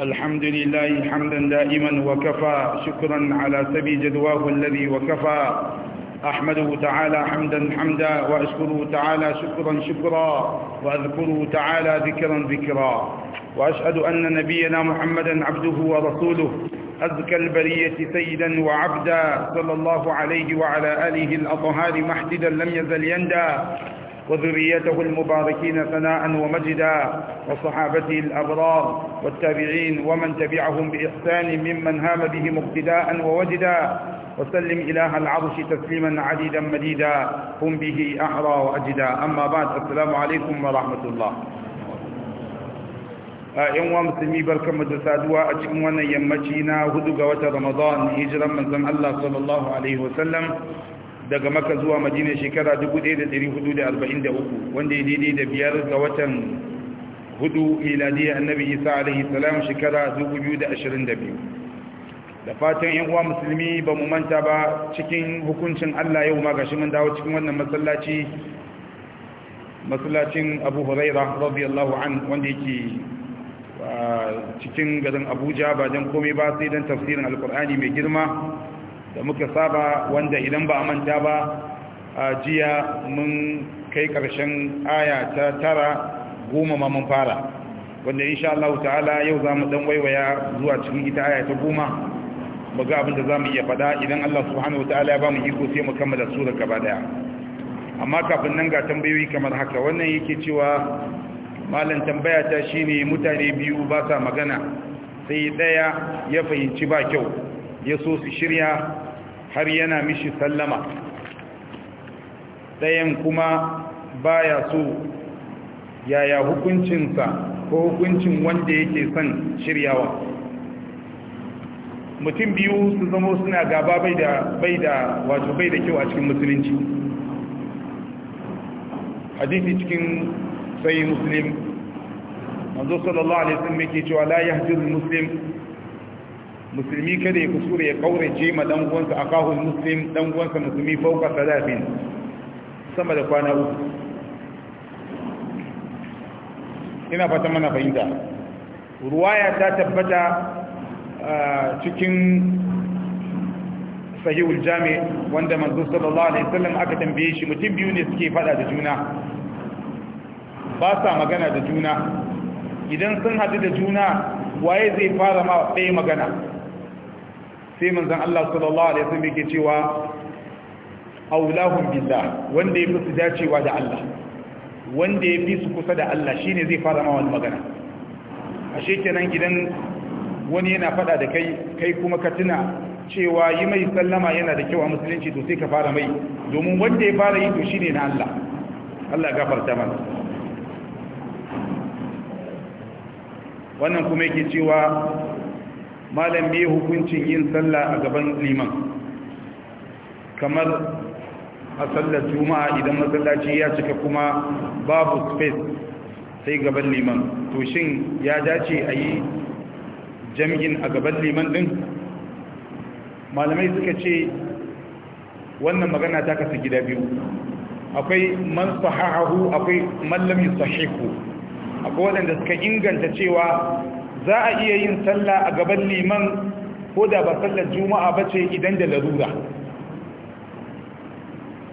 الحمد لله حمدا دائما وكفى شكرا على سبي جدواه الذي وكفى أحمده تعالى حمدا حمدا وأشكره تعالى شكرا شكرا وأذكره تعالى ذكرا ذكرا وأشهد أن نبينا محمدا عبده ورسوله أزكى البرية سيدا وعبدا صلى الله عليه وعلى آله الأطهار محددا لم يزل يندى وذريته المباركين ثناء ومجدا وصحابته الأبرار والتابعين ومن تبعهم بإحسان ممن هام بهم اقتداء ووجدا وسلم إله العرش تسليما عديدا مديدا هم به أعرى وأجدا أما بعد السلام عليكم ورحمة الله yan wa musulmi barkanmu da saduwa a cikin wannan yammaci na hudu ga watan الله hijiran manzon Allah sallallahu daga maka zuwa madina shekara 1443 wanda ya daidai da biyar ga watan hudu miladiyar annabi isa alaihi salam shekara 2022 da fatan yan uwa musulmi ba mu manta ba cikin hukuncin allah yau ma gashi mun dawo cikin wannan masallaci masallacin abu huraira radiyallahu an wanda yake ah, cikin garin abuja ba don komai ba sai don tafsirin alkur'ani mai girma da muka saba wanda idan ba a manta ba a jiya mun kai ƙarshen aya ta tara goma ma mun fara wanda insha Allah ta'ala yau za mu ɗan waiwaya zuwa cikin ita aya ta goma mu ga abin da za mu iya faɗa idan Allah subhanahu ta'ala ya ba mu iko sai mu kammala surar gaba daya amma kafin nan ga tambayoyi kamar haka wannan yake cewa malam tambaya ta shine mutane biyu ba sa magana sai ɗaya ya fahimci ba kyau ya so su shirya har yana mishi sallama ɗayan kuma baya so yaya hukuncinsa ko hukuncin wanda yake son shiryawa mutum biyu su zama suna gaba bai da bai da wato bai da kyau a cikin musulunci hadisi cikin sai muslim manzo sallallahu alaihi wasallam yake cewa la yahjur muslim musulmi kada ya kusura ya kaurace ma dan uwansa kahun muslim dan uwansa musulmi fauka salafin sama da kwana uku ina fata mana fahimta ruwaya ta tabbata cikin sahihul jami wanda manzo sallallahu alaihi wasallam aka tambaye shi mutum biyu ne suke fada da juna ba sa magana da juna idan sun hadu da juna waye zai fara ma ɗaya magana sai manzan Allah sallallahu alaihi wasallam yake cewa aulahum billah wanda yafi su dacewa da Allah wanda yafi su kusa da Allah shine zai fara ma wannan magana ashe kenan gidan wani yana fada da kai kai kuma ka tuna cewa yi mai sallama yana da kyau a musulunci to sai ka fara mai domin wanda ya fara yi to shine na Allah Allah gafarta mana wannan kuma yake cewa malam me hukuncin yin sallah a gaban liman kamar a sallar juma'a idan masallaci ya cika kuma babu space sai gaban liman to shin ya dace a yi jam'in a gaban liman din malamai suka ce wannan magana ta kasu gida biyu akwai man sahahu akwai mallami sahihu akwai waɗanda suka inganta cewa za a iya yin sallah a gaban liman ko da ba sallar juma'a ba ce idan da larura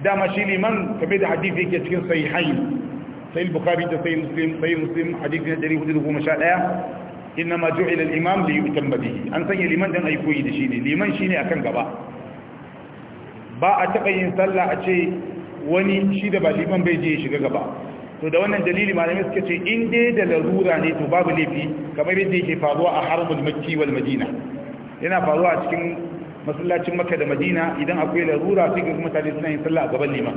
dama shi liman kame da hadithi yake cikin sai hain sai bukari da sai muslim sai muslim hadithi na 411 inna ma ju'ila al-imam li yutamma bihi an sanya liman dan ayi koyi da shi ne liman shine akan gaba ba a taba yin sallah a ce wani shi da ba liman bai je ya shiga gaba to da wannan dalili malamai suka ce in dai da larura ne to babu laifi kamar yadda yake faruwa a harbul makki wal madina yana faruwa a cikin masallacin makka da madina idan akwai larura sai ga mutane suna yin sallah a gaban liman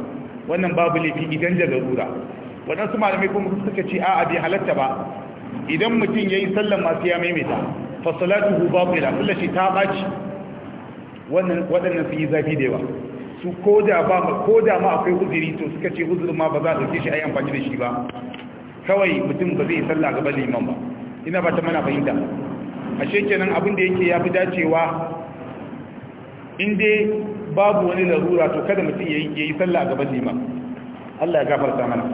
wannan babu laifi idan da larura waɗansu malamai kuma suka ce a'a bai halatta ba idan mutum yayi sallan masu ya maimaita fa salatuhu batila sallashi ta baci wannan waɗannan sun yi zafi da yawa su ko da ba ma ko da ma akwai uzuri to suka ce uzurin ma ba za su ce shi a yi amfani da shi ba kawai mutum ba zai sallah gaban liman ba ina ba ta mana fahimta ashe kenan abin da yake ya fi dacewa in dai babu wani larura to kada mutum ya yi sallah gaban liman Allah ya gafarta mana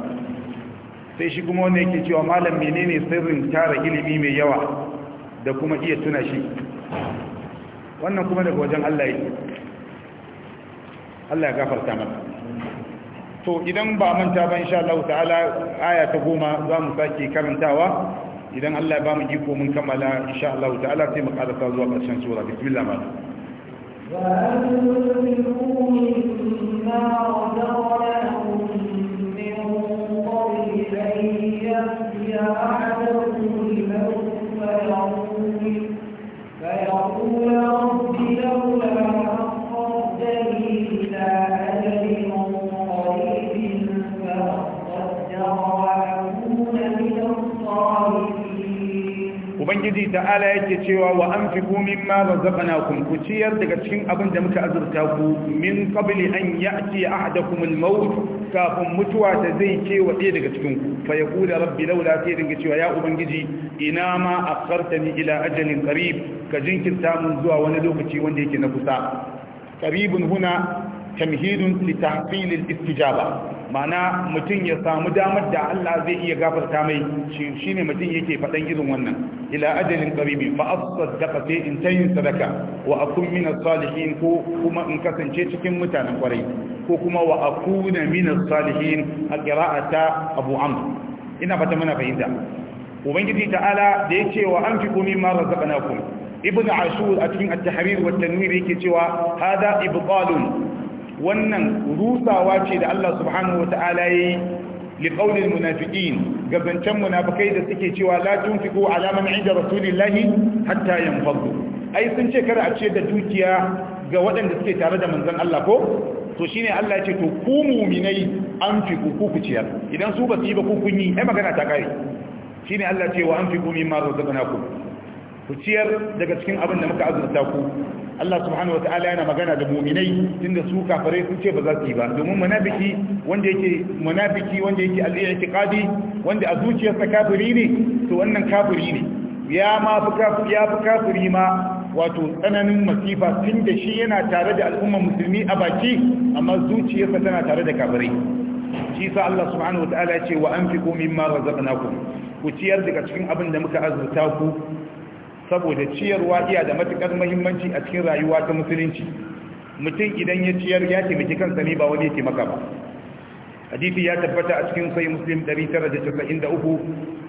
sai shi kuma wanda yake cewa malam menene sirrin tara ilimi mai yawa da kuma iya tuna shi wannan kuma daga wajen Allah yake Allah ya gafarta mana to idan ba manta ba insha Allah ta'ala aya ta goma za mu sake karantawa idan Allah ya ba mu iko mun kammala insha Allah ta'ala sai mu karasa zuwa ƙarshen sura bismillah ma فيقول رب لولا Ubangiji ta'ala yake cewa wa an fi kumin ma ba zaɓana daga cikin abin da muka azurta ku min kabili an ya ce a haɗa kafin mutuwa ta zai ce ɗaya daga cikin ku fa ya rabbi laula sai dinga cewa ya ubangiji ina ma a ni ila ajalin karib ka jinkirta mun zuwa wani lokaci wanda yake na kusa karibin huna tamhidun litahfilil istijaba mana mutum ya samu damar da Allah zai iya gafarta mai shine mutum yake faɗan irin wannan ila ajalin qaribi fa asaddaqa sai in tayin sadaka wa akun min salihin ko kuma in kasance cikin mutanen kwarai ko kuma wa akuna min salihin a abu amr ina fata mana fahimta ubangiji ta'ala da yace wa anfiqu mimma razaqnakum ibn ashur a cikin at-tahrir wa at-tanwir yake cewa hada ibqalun wannan rusawa ce da Allah subhanahu wata'ala yayi liqaulil ga gabancan munafikai da suke cewa la alamar ala man 'inda rasulillahi hatta yanfadu ai sun ce kar a ce da dukiya ga waɗanda suke tare da manzan Allah ko to ne Allah ce to ku mu'minai anfiqu ku ku ciyar idan su ba su yi ba ku kun ai magana ta kare ne Allah ce wa anfiqu mimma razaqnakum ku ciyar daga cikin abin da muka azurta ku Allah subhanahu wata'ala yana magana da mu'minai tunda su kafare sun ce ba za su yi ba domin munafiki wanda yake munafiki wanda yake al wanda a zuciyarsa kafiri ne to wannan kafiri ne ya ma fi ya fi kafiri ma wato tsananin masifa tunda shi yana tare da al'ummar musulmi a baki amma zuciyarsa tana tare da kafirai shi sa Allah subhanahu wata'ala ya ce wa anfiqu mimma razaqnakum ku ciyar daga cikin abin da muka azurta ku saboda ciyarwa iya da matukar muhimmanci a cikin rayuwa ta musulunci mutum idan ya ciyar ya taimaki kansa ne ba wani ya taimaka ba hadisi ya tabbata a cikin sai muslim 993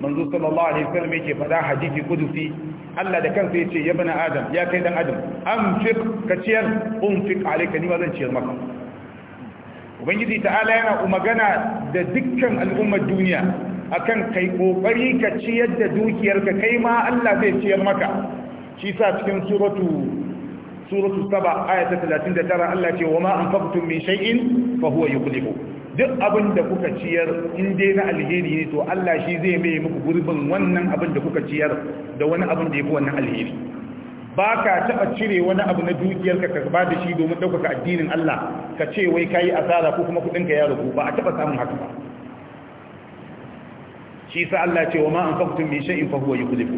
manzo sallallahu alaihi wasallam yake faɗa hadisi kudusi Allah da kansa yace ya bana adam ya kai dan adam amfik ka ciyar unfik alayka ni ma zan ciyar maka ubangiji ta'ala yana magana da dukkan al'ummar duniya akan kai kokari ka ciyar da dukiyarka kai ma Allah zai ciyar maka shi sa cikin suratu suratu saba aya ta 39 Allah ce wa ma anfaqtum min shay'in fa huwa yukhlifu duk abin da kuka ciyar in dai na alheri ne to Allah shi zai mai muku gurbin wannan abin da kuka ciyar da wani abin da yafi wannan alheri ba ka taɓa cire wani abu na dukiyarka ka ba da shi domin ɗaukaka addinin Allah ka ce wai ka yi asara ko kuma kuɗinka ya ragu ba a taɓa samun haka ba shi sa Allah ce wa ma anfaqtum min shay'in fa huwa yukhlifu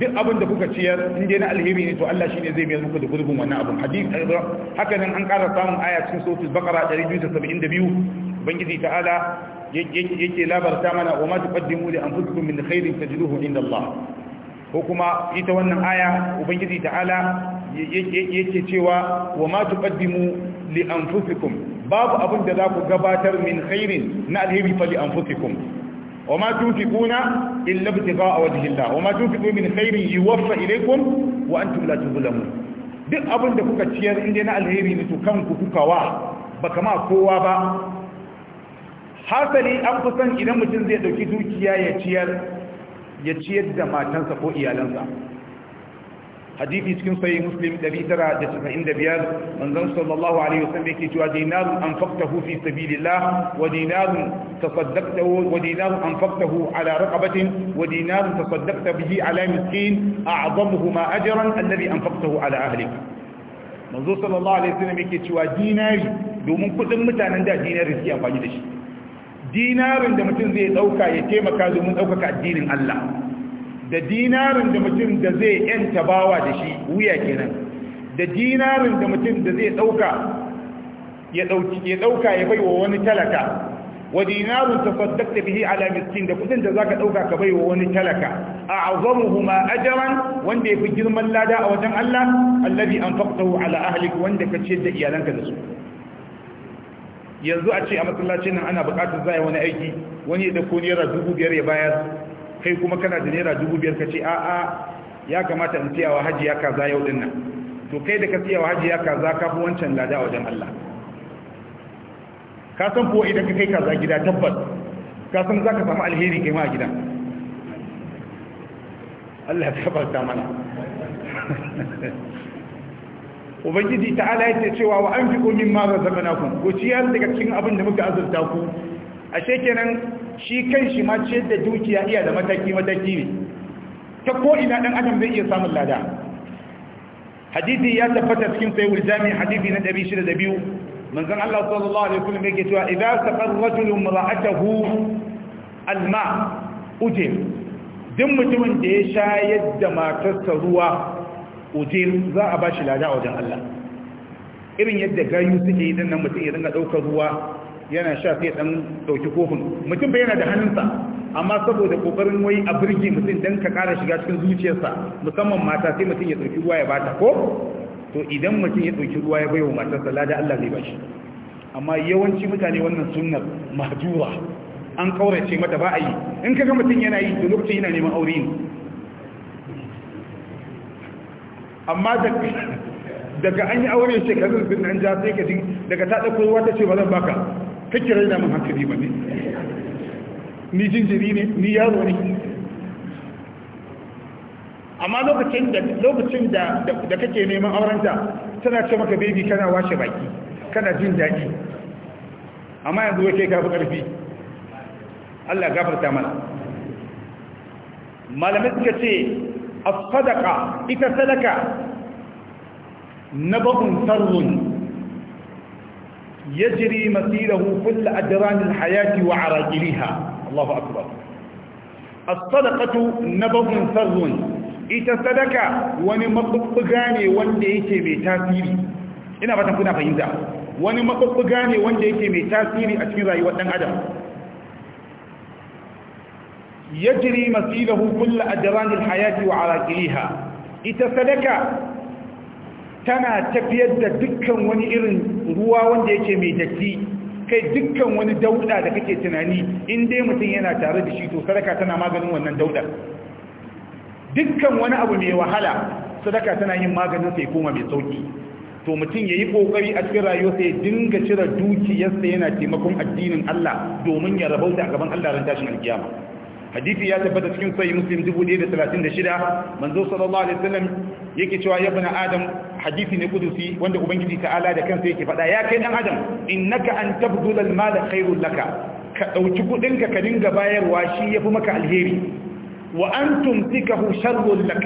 duk abin da kuka ciyar in dai na alheri ne to Allah shine zai biyar muku da gurbin wannan abin hadith eh, haka nan an ƙara samun aya cikin suratul baqara 272 ubangiji ta'ala yake labarta mana wa ma tuqaddimu li anfusikum min khairin tajiduhu inda Allah ko kuma ita wannan aya ubangiji ta'ala yake cewa wa ma tuqaddimu li anfusikum babu abin da za ku gabatar min khairin na alheri fa li anfusikum وما تنفقون إلا ابتغاء وجه الله وما تنفقون من خير يوفى إليكم وأنتم لا تظلمون duk abin da kuka ciyar inda na alheri ne to kanku kuka wa ba kama kowa ba hasali an kusan idan mutum zai dauki dukiya ya ciyar ya ciyar da matansa ko iyalansa hadisi cikin sahih muslim 995 manzon sallallahu alaihi wasallam yake cewa dinarun anfaqtahu hufi sabilillah wa dinarun tasaddaqtahu wa dinarun anfaqtahu ala raqabatin wa dinarun tasaddaqta bihi ala miskin a'zamuhuma ajran alladhi anfaqtahu ala ahlik manzo sallallahu alaihi wasallam yake cewa dinari domin kudin mutanen da dinari suke amfani da shi dinarin da mutum zai dauka ya taimaka domin daukaka addinin Allah da dinarin da mutum da zai yanta bawa da shi wuya kenan da dinarin da mutum da zai dauka ya dauka ya baiwa wani talaka wa dinarun tasaddaqta bihi ala miskin da kudin da zaka dauka ka baiwa wani talaka a'zamuhuma ajran wanda yafi girman lada a wajen Allah allazi anfaqtahu ala ahlik wanda ka ciyar da iyalanka da su yanzu a ce a masallacin nan ana buƙatar zai wani aiki wani ya dauko naira 2500 ya bayar kai kuma kana da naira dubu biyar ka ce a'a ya kamata in siyawa hajiya kaza yau din nan to kai da ka siyawa hajiya kaza ka fi wancan lada wajen Allah ka san kuwa idan ka kai kaza gida tabbas ka san za ka samu alheri kai ma a gida Allah ta tabbata mana ubangiji ta'ala ya ce cewa wa anfiqu mimma razaqnakum ko ciyar daga cikin abin da muka azurta ku ashe kenan shi kan shi ma da dukiya iya da mataki-mataki ne ta ko ina ɗan adam zai iya samun lada hadisi ya tabbata cikin sai wuljami hadisi na 602 manzan Allah sallallahu alaihi wasallam yake cewa idan safar rajul imra'atahu alma ujir duk mutumin da ya sha yadda matarsa ruwa ujir za a bashi lada a wajen Allah irin yadda gayu suke yi dan mutum ya dinga daukar ruwa yana sha sai dan dauki kofin mutum bai yana da hannunsa amma saboda kokarin wai a burge mutum dan ka kara shiga cikin zuciyarsa musamman mata sai mutum ya dauki ruwa ya bata ko to idan mutum ya dauki ruwa ya baiwa matarsa lada Allah zai bashi amma yawanci mutane wannan sunnar mahjura an kaurace mata ba a yi in kaga mutum yana yi to lokacin yana neman aure ne amma daga an yi aure shekarun sun an ja sai ka daga ta ɗauko ruwa ta ce ba zan baka kake raina mun hankali ba ne ni jinjiri ne ni yaro ne amma lokacin da lokacin da da kake neman aurenta tana ce maka baby kana washe baki kana jin daɗi amma yanzu wai kai kafi ƙarfi Allah gafarta mana Malamin suka ce a sadaqa ita sadaka nabun sarrun يجري مسيره كل أجران الحياة وعراجلها الله أكبر الصدقة نبض فرض إتصدك ونمطبقاني ونديك بتاثيري إنا فتن كنا فهمتا ونمطبقاني ونديك بتاثيري أتفيري وطن أدم يجري مسيره كل أجران الحياة وعراجلها إذا إتصدك تنا تفيد دكا ونئرن ruwa wanda yake mai datti kai dukkan wani dauda da kake tunani in dai mutum yana tare da shi to sadaka tana maganin wannan daudar dukkan wani abu mai wahala sadaka tana yin maganin sai koma mai sauki to mutum yayi kokari a cikin rayuwa sai dinga cire dukiyarsa yana taimakon addinin Allah domin ya rabauta a gaban Allah ran tashin alkiyama hadisi ya tabbata cikin sahih muslim 1036 manzo sallallahu alaihi wasallam yake cewa ya bana adam hadisi ne kudusi wanda ubangiji ta'ala da kansa yake fada ya kai dan adam innaka an tabdula al-mala khairul laka ka dauki kudin ka ka dinga bayarwa shi yafi maka alheri wa antum tikahu sharrul lak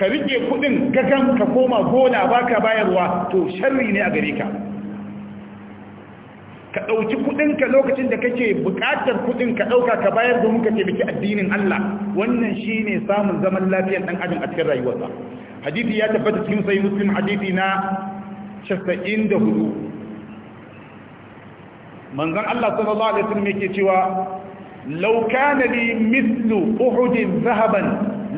ka rike kudin gagan ka koma gona baka bayarwa to sharri ne a gare ka ka ɗauki kuɗinka lokacin da kake bukatar kuɗin ka dauka ka bayar domin ka taimaki addinin Allah wannan shine samun zaman lafiyar ɗan adam a cikin rayuwarsa hadisi ya tabbata cikin sai muslim hadisi na 94 manzon Allah sallallahu alaihi wasallam yake cewa law kana li mithlu uhud dhahaban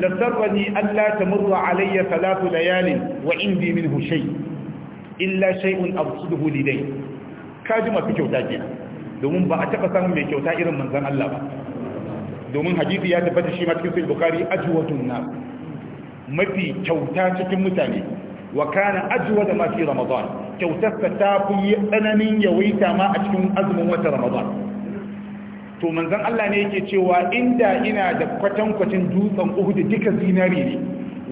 lasarrani alla tamurra alayya thalathu layalin wa indi minhu shay illa shay'un absuduhu liday kaji mafi kyauta kenan domin ba a taba samun mai kyauta irin manzon Allah ba domin hadisi ya tabbata shi ma cikin sahih bukhari ajwatun nas mafi kyauta cikin mutane wa kana ajwa da mafi ramadan kyautarsa ta fi tsananin yawaita ma a cikin azumin wata ramadan to manzon Allah ne yake cewa inda ina da kwatankwacin dutsen da duka zinari ne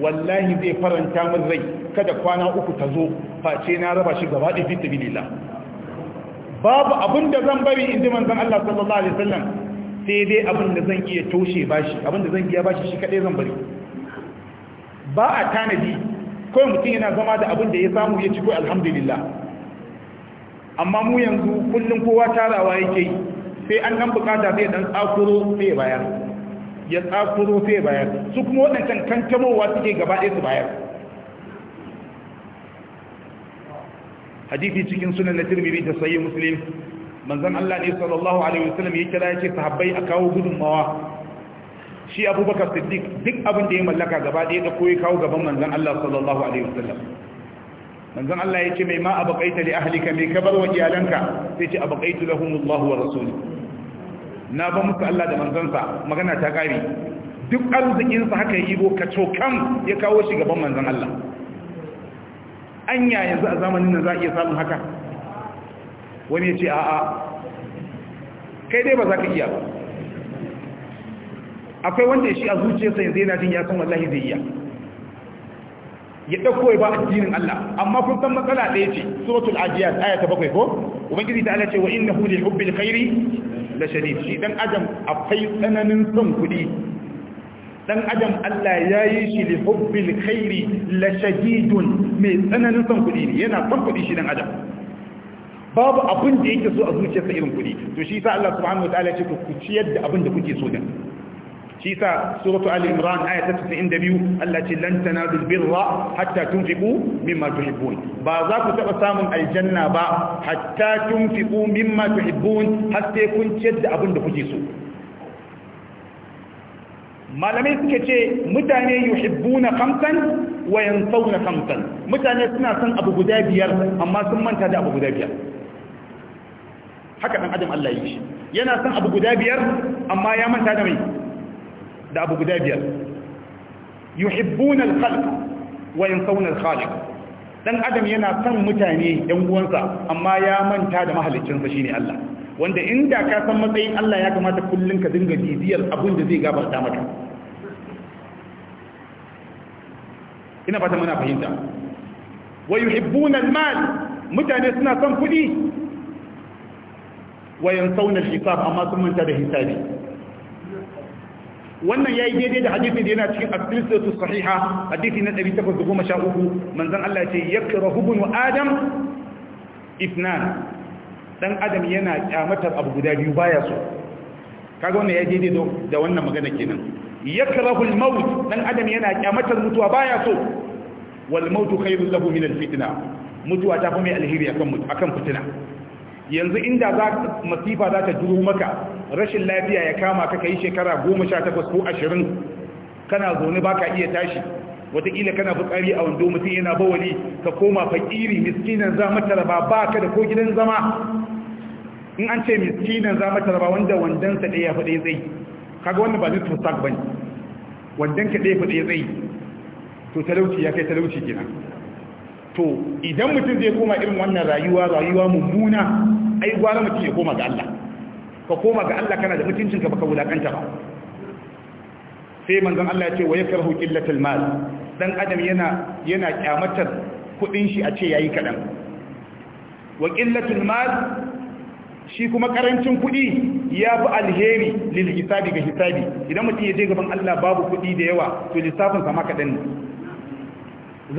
wallahi zai faranta min rai kada kwana uku ta zo face na raba shi gaba da fitta bilillah babu abin da zan bari inda manzon Allah sallallahu alaihi wasallam sai dai abin da zan iya toshe bashi abin da zan iya bashi shi kadai zan bari ba a tanadi kawai mutum yana zama da abin da ya samu ya ci ko alhamdulillah amma mu yanzu kullum kowa tarawa yake yi sai an nan bukata sai dan tsakuro sai bayar ya tsakuro sai bayar su kuma waɗancan kantamowa suke gaba ɗaya su bayar hadisi cikin sunan na tirmidhi da sahih muslim manzon Allah ne sallallahu alaihi wasallam ya kira yake sahabbai a kawo gudunmawa shi abubakar siddiq duk abin da ya mallaka gaba ɗaya da koyi kawo gaban manzan Allah sallallahu alaihi wasallam manzan Allah ya ce mai ma abaqaita li ahlika mai kabar wa iyalanka sai ce abaqaitu lahumullahu wa rasuli na ba musu Allah da manzansa magana ta kare duk arzikinsa haka ya ibo ka cokam ya kawo shi gaban manzan Allah anya yanzu a zamanin nan za a iya samun haka wani ya ce a'a kai dai ba za ka iya ba akwai wanda shi a zuciyarsa ya yana jin ya san wallahi zai iya ya dauko ba addinin Allah amma kun san matsala ɗaya ce suratul ajiyat aya ta bakwai ko ubangiji ta Allah ce wa innahu li hubbil khairi la shadid shi dan adam akwai tsananin son kuɗi, dan adam Allah ya yi shi li hubbil khairi la shadidun mai tsananin son kuɗi ne yana son kuɗi shi dan adam babu abin da yake so a zuciyarsa irin kuɗi, to shi sa Allah subhanahu wataala ya ce ku ciyar da abin da kuke so din shi sa suratu al-imran aya ta 92 Allah ce lan tanadul birra hatta tunfiqu mimma tuhibbun ba za ku taba samun aljanna ba hatta tunfiqu mimma tuhibbun har sai kun ciyar da abin da kuke so malamai suke ce mutane yuhibbuna khamsan wa yansawna khamsan mutane suna son abu guda biyar amma sun manta da abu guda biyar haka dan adam Allah yi shi yana son abu guda biyar amma ya manta da mai da abu guda biyar yuhibbuna al-khalq wa yansawna khaliq dan adam yana san mutane yan uwansa amma ya manta da mahaliccinsa shine Allah wanda inda ka san matsayin Allah ya kamata kullun ka dinga bibiyar abin da zai gabata maka ina fata muna fahimta wa yuhibbuna mal mutane suna son kudi wa yansawna hisab amma sun manta da hisabi wannan yayi daidai da hadisi da yana cikin as-silsilatu sahiha hadisi na 813 manzon Allah ce yakrahu ibn adam ifnan dan adam yana kyamatar abu guda biyu baya so kaga wannan yayi daidai da wannan magana kenan yakrahu al-maut dan adam yana kyamatar mutuwa baya so wal mautu khairul lahu min al-fitna mutuwa ta fi mai alheri akan akan fitina yanzu inda za masifa za ta juro maka rashin lafiya ya kama ka kai shekara goma sha takwas ko ashirin kana zaune ba ka iya tashi wataƙila kana bukari a wando mutum yana bawali ka koma fakiri miskinan za mata raba ba ka da ko gidan zama in an ce miskinan za mata raba wanda sa ɗaya ya zai? tsayi kaga wannan ba zai tusak ba ne ka ɗaya fa ɗaya zai? to talauci ya kai talauci kenan to idan mutum zai koma irin wannan rayuwa rayuwa mummuna ai gwara mutum ya koma ga Allah ka koma ga Allah kana da mutuncinka baka wulakanta ba sai manzon Allah ya ce wa yakrahu qillatul mal dan adam yana yana kyamatar kudin shi a ce yayi kadan wa qillatul mal shi kuma karancin kudi ya fi alheri lil hisabi ga hisabi idan mutum ya je gaban Allah babu kudi da yawa to lissafin sa ma kadan ne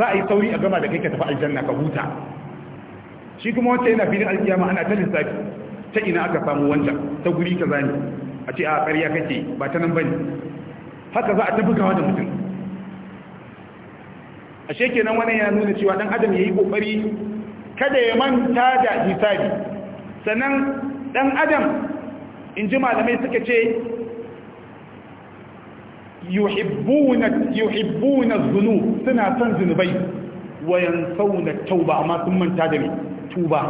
za a yi sauri a gama da kai ka tafi aljanna ka huta shi kuma wancan yana filin alkiyama ana ta lissafi ta ina aka samu wancan ta guri kaza ne a ce a ƙarya kake ba ta nan bane haka za a tabbukawa da mutum ashe kenan wannan ya nuna cewa dan adam ya yi ƙoƙari. kada ya manta da lissafi. sannan ɗan adam in ji malamai suka ce yuhibbuna zunub suna son zunubai wayan sauna tauba amma sun manta da mai tuba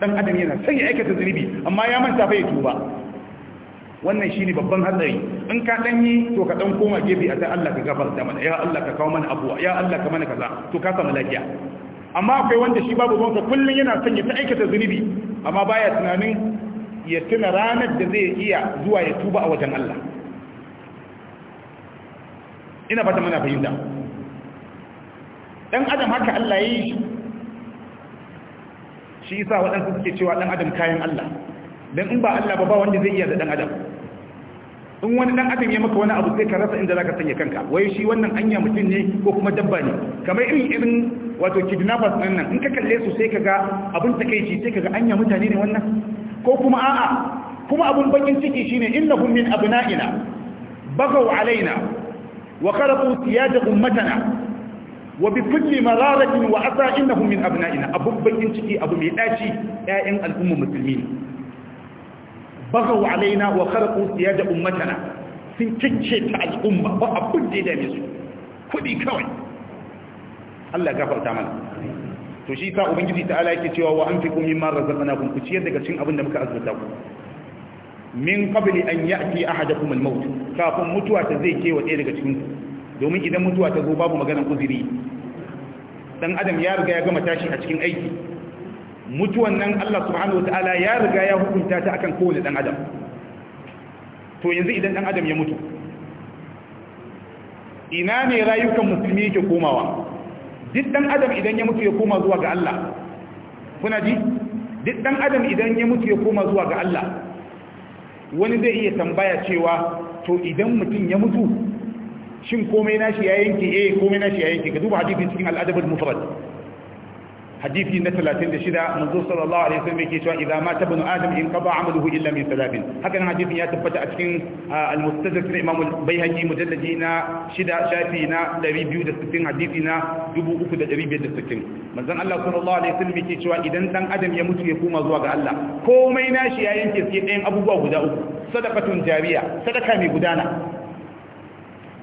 dan adam yana son ya aikata zunubi amma ya manta fa ya tuba wannan shine babban hatsari in ka dan yi to ka dan koma gefe a sai Allah ka gafarta mana ya Allah ka kawo mana abuwa ya Allah ka mana kaza to ka samu lafiya amma akwai wanda shi babu ruwansa kullun yana son ya ta aikata zunubi amma baya tunanin ya tuna ranar da zai iya zuwa ya tuba a wajen Allah ina fata mana fahimta dan adam haka Allah ya yi shi yasa waɗansu suke cewa ɗan adam kayan Allah dan in ba Allah ba ba wanda zai iya da ɗan adam in wani ɗan adam ya maka wani abu sai ka rasa inda zaka sanya kanka wai shi wannan anya mutum ne ko kuma dabba ne kamar irin irin wato kidnappers ɗin nan in ka kalle su sai kaga abin takeici sai kaga anya mutane ne wannan ko kuma a'a kuma abun bakin ciki shine hum min abna'ina bagaw alaina wa qarabu siyada ummatana wa bi kulli mararatin wa asa innahum min abna'ina abun bakin ciki abu mai daci ƴaƴan al'umma musulmi ne bagaw alaina wa kharqu siyada ummatana sun kicce ta al'umma ba abun da ya dame su kudi kawai Allah gafarta mana to shi sa ubangiji ta'ala yake cewa wa anfiqu mimma razaqnakum ku ciyar daga cikin abin da muka azurta ku min qabli an ya'ti ahadakum al-maut kafin mutuwa ta zai kewa ɗaya daga cikin ku domin idan mutuwa ta zo babu maganar uzuri dan adam ya riga ya gama tashi a cikin aiki mutuwan nan Allah subhanahu wataala ya riga ya hukunta ta akan kowane dan adam to yanzu idan dan adam ya mutu ina ne rayukan musulmi yake komawa duk dan adam idan ya mutu ya koma zuwa ga Allah kuna ji duk dan adam idan ya mutu ya koma zuwa ga Allah wani zai iya tambaya cewa to idan mutum ya mutu shin komai nashi ya yanke eh komai nashi ya yanke ka duba hadisin cikin al-adab al-mufrad hadisi na 36 manzo sallallahu alaihi wasallam yake cewa idan mata ibn adam in qada amaluhu illa min thalathin hakan hadisin ya tabbata a cikin al-mustadrak na imam al-baihaqi mujallaji na 6 shafi na 260 hadisi na 3560 manzon Allah sallallahu alaihi wasallam yake cewa idan dan adam ya mutu ya koma zuwa ga Allah komai nashi ya yanke sai ɗayan abubuwa guda uku sadaqatun jariya sadaka mai gudana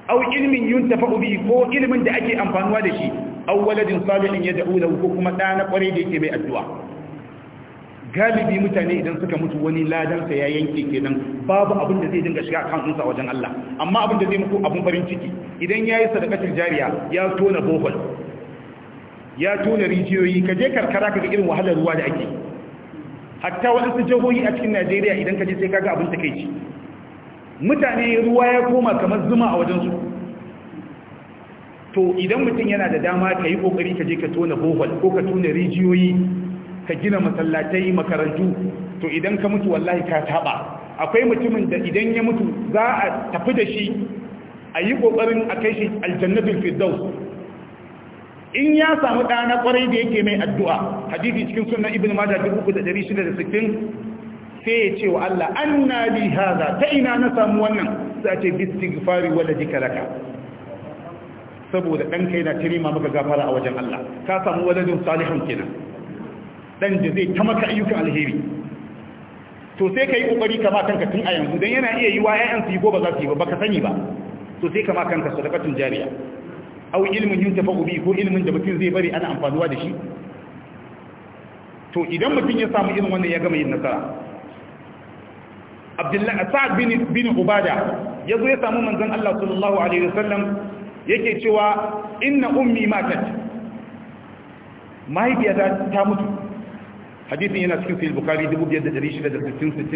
aw ilmin yuntafa'u bihi ko ilmin da ake amfanuwa da shi aw waladin salihin yad'u lahu ko kuma da na kware da yake mai addu'a galibi mutane idan suka mutu wani ladansa ya yanke kenan babu abin da zai dinga shiga kan unsa wajen Allah amma abin da zai muku abun farin ciki idan yayi sadaqatul jariya ya tona bohol ya tona rijiyoyi ka je karkara ka ga irin wahalar ruwa da ake hatta wadansu jihohi a cikin Najeriya idan ka je sai kaga abin takeici mutane ruwa ya koma kamar zuma a wajensu to idan mutum yana da dama ka yi kokari ka je ka tona bohol ko ka tona rijiyoyi ka gina masallatai makarantu to idan ka mutu wallahi ka taba akwai mutumin da idan ya mutu za a tafi da shi a yi kokarin a kai shi aljannatul firdaus in ya samu ɗana kwarai da yake mai addu'a hadisi cikin sunan ibn majah 3660 sai ya ce wa Allah anna li hadha ta ina na samu wannan sai ce bistighfari jika raka? saboda ɗanka yana na tirima maka gafara a wajen Allah ka samu waladin salihun kenan Ɗan da zai ta maka ayyukan alheri to sai ka kai kokari kama kanka tun a yanzu dan yana iya yi wa ƴaƴan su yi gobe za su yi ba baka sani ba to sai kama kanka sadaqatun jariya aw ilmin tafa ubi ko ilmin da mutum zai bari ana amfanuwa da shi to idan mutum ya samu irin wannan ya gama yin nasara abdullahi sa'ad bin Ubada ya zo ya samu manzan Allah sallallahu alaihi wasallam yake cewa inna ummi matat mahaifiyata ta mutu Hadithin yana cikin sahih bukhari 5660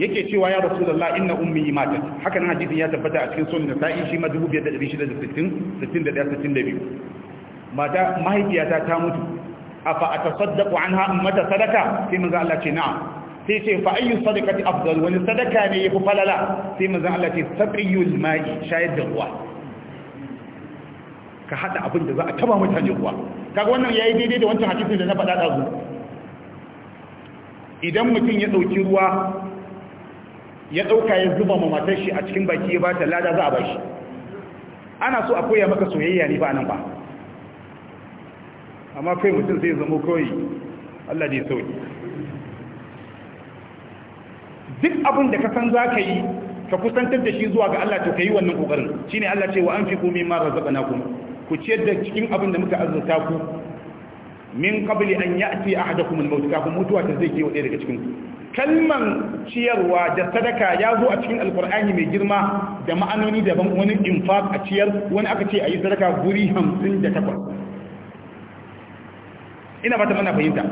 yake cewa ya rasu rasulullah inna ummi matat haka nan Hadithin ya tabbata a cikin da sa'i shi ma 5660 mata mahaifiyata ta mutu afa atasaddaqu anha ummata sadaka sai manzo Allah ce na'am sai ce fa ayyu sadaqati afdal wani sadaka ne yafi falala sai manzo Allah ce saqiyul ma'i shayar da ruwa ka hada abin da za a taba mutane ruwa kaga wannan yayi daidai da wancan hadisin da na faɗa ɗazu. idan mutum ya dauki ruwa ya dauka ya zuba ma matar shi a cikin baki ya bata lada za a bashi ana so a koya maka soyayya ne ba nan ba amma kai mutum sai zama kawai Allah ne sauki duk abin da ka san za ka yi ka kusantar da shi zuwa ga Allah to ka yi wannan kokarin shine Allah ce wa anfiqu mimma razaqnakum ku ciyar da cikin abin da muka azurta ku min qabli an ya'ti ahadakum al-maut kafin mutuwa ta zai kewa daga cikin ku kalman ciyarwa da sadaka ya zo a cikin alkur'ani mai girma da ma'anoni daban wani infaq a ciyar wani aka ce a yi sadaka guri hamsin da takwas ina ba ta mana fahimta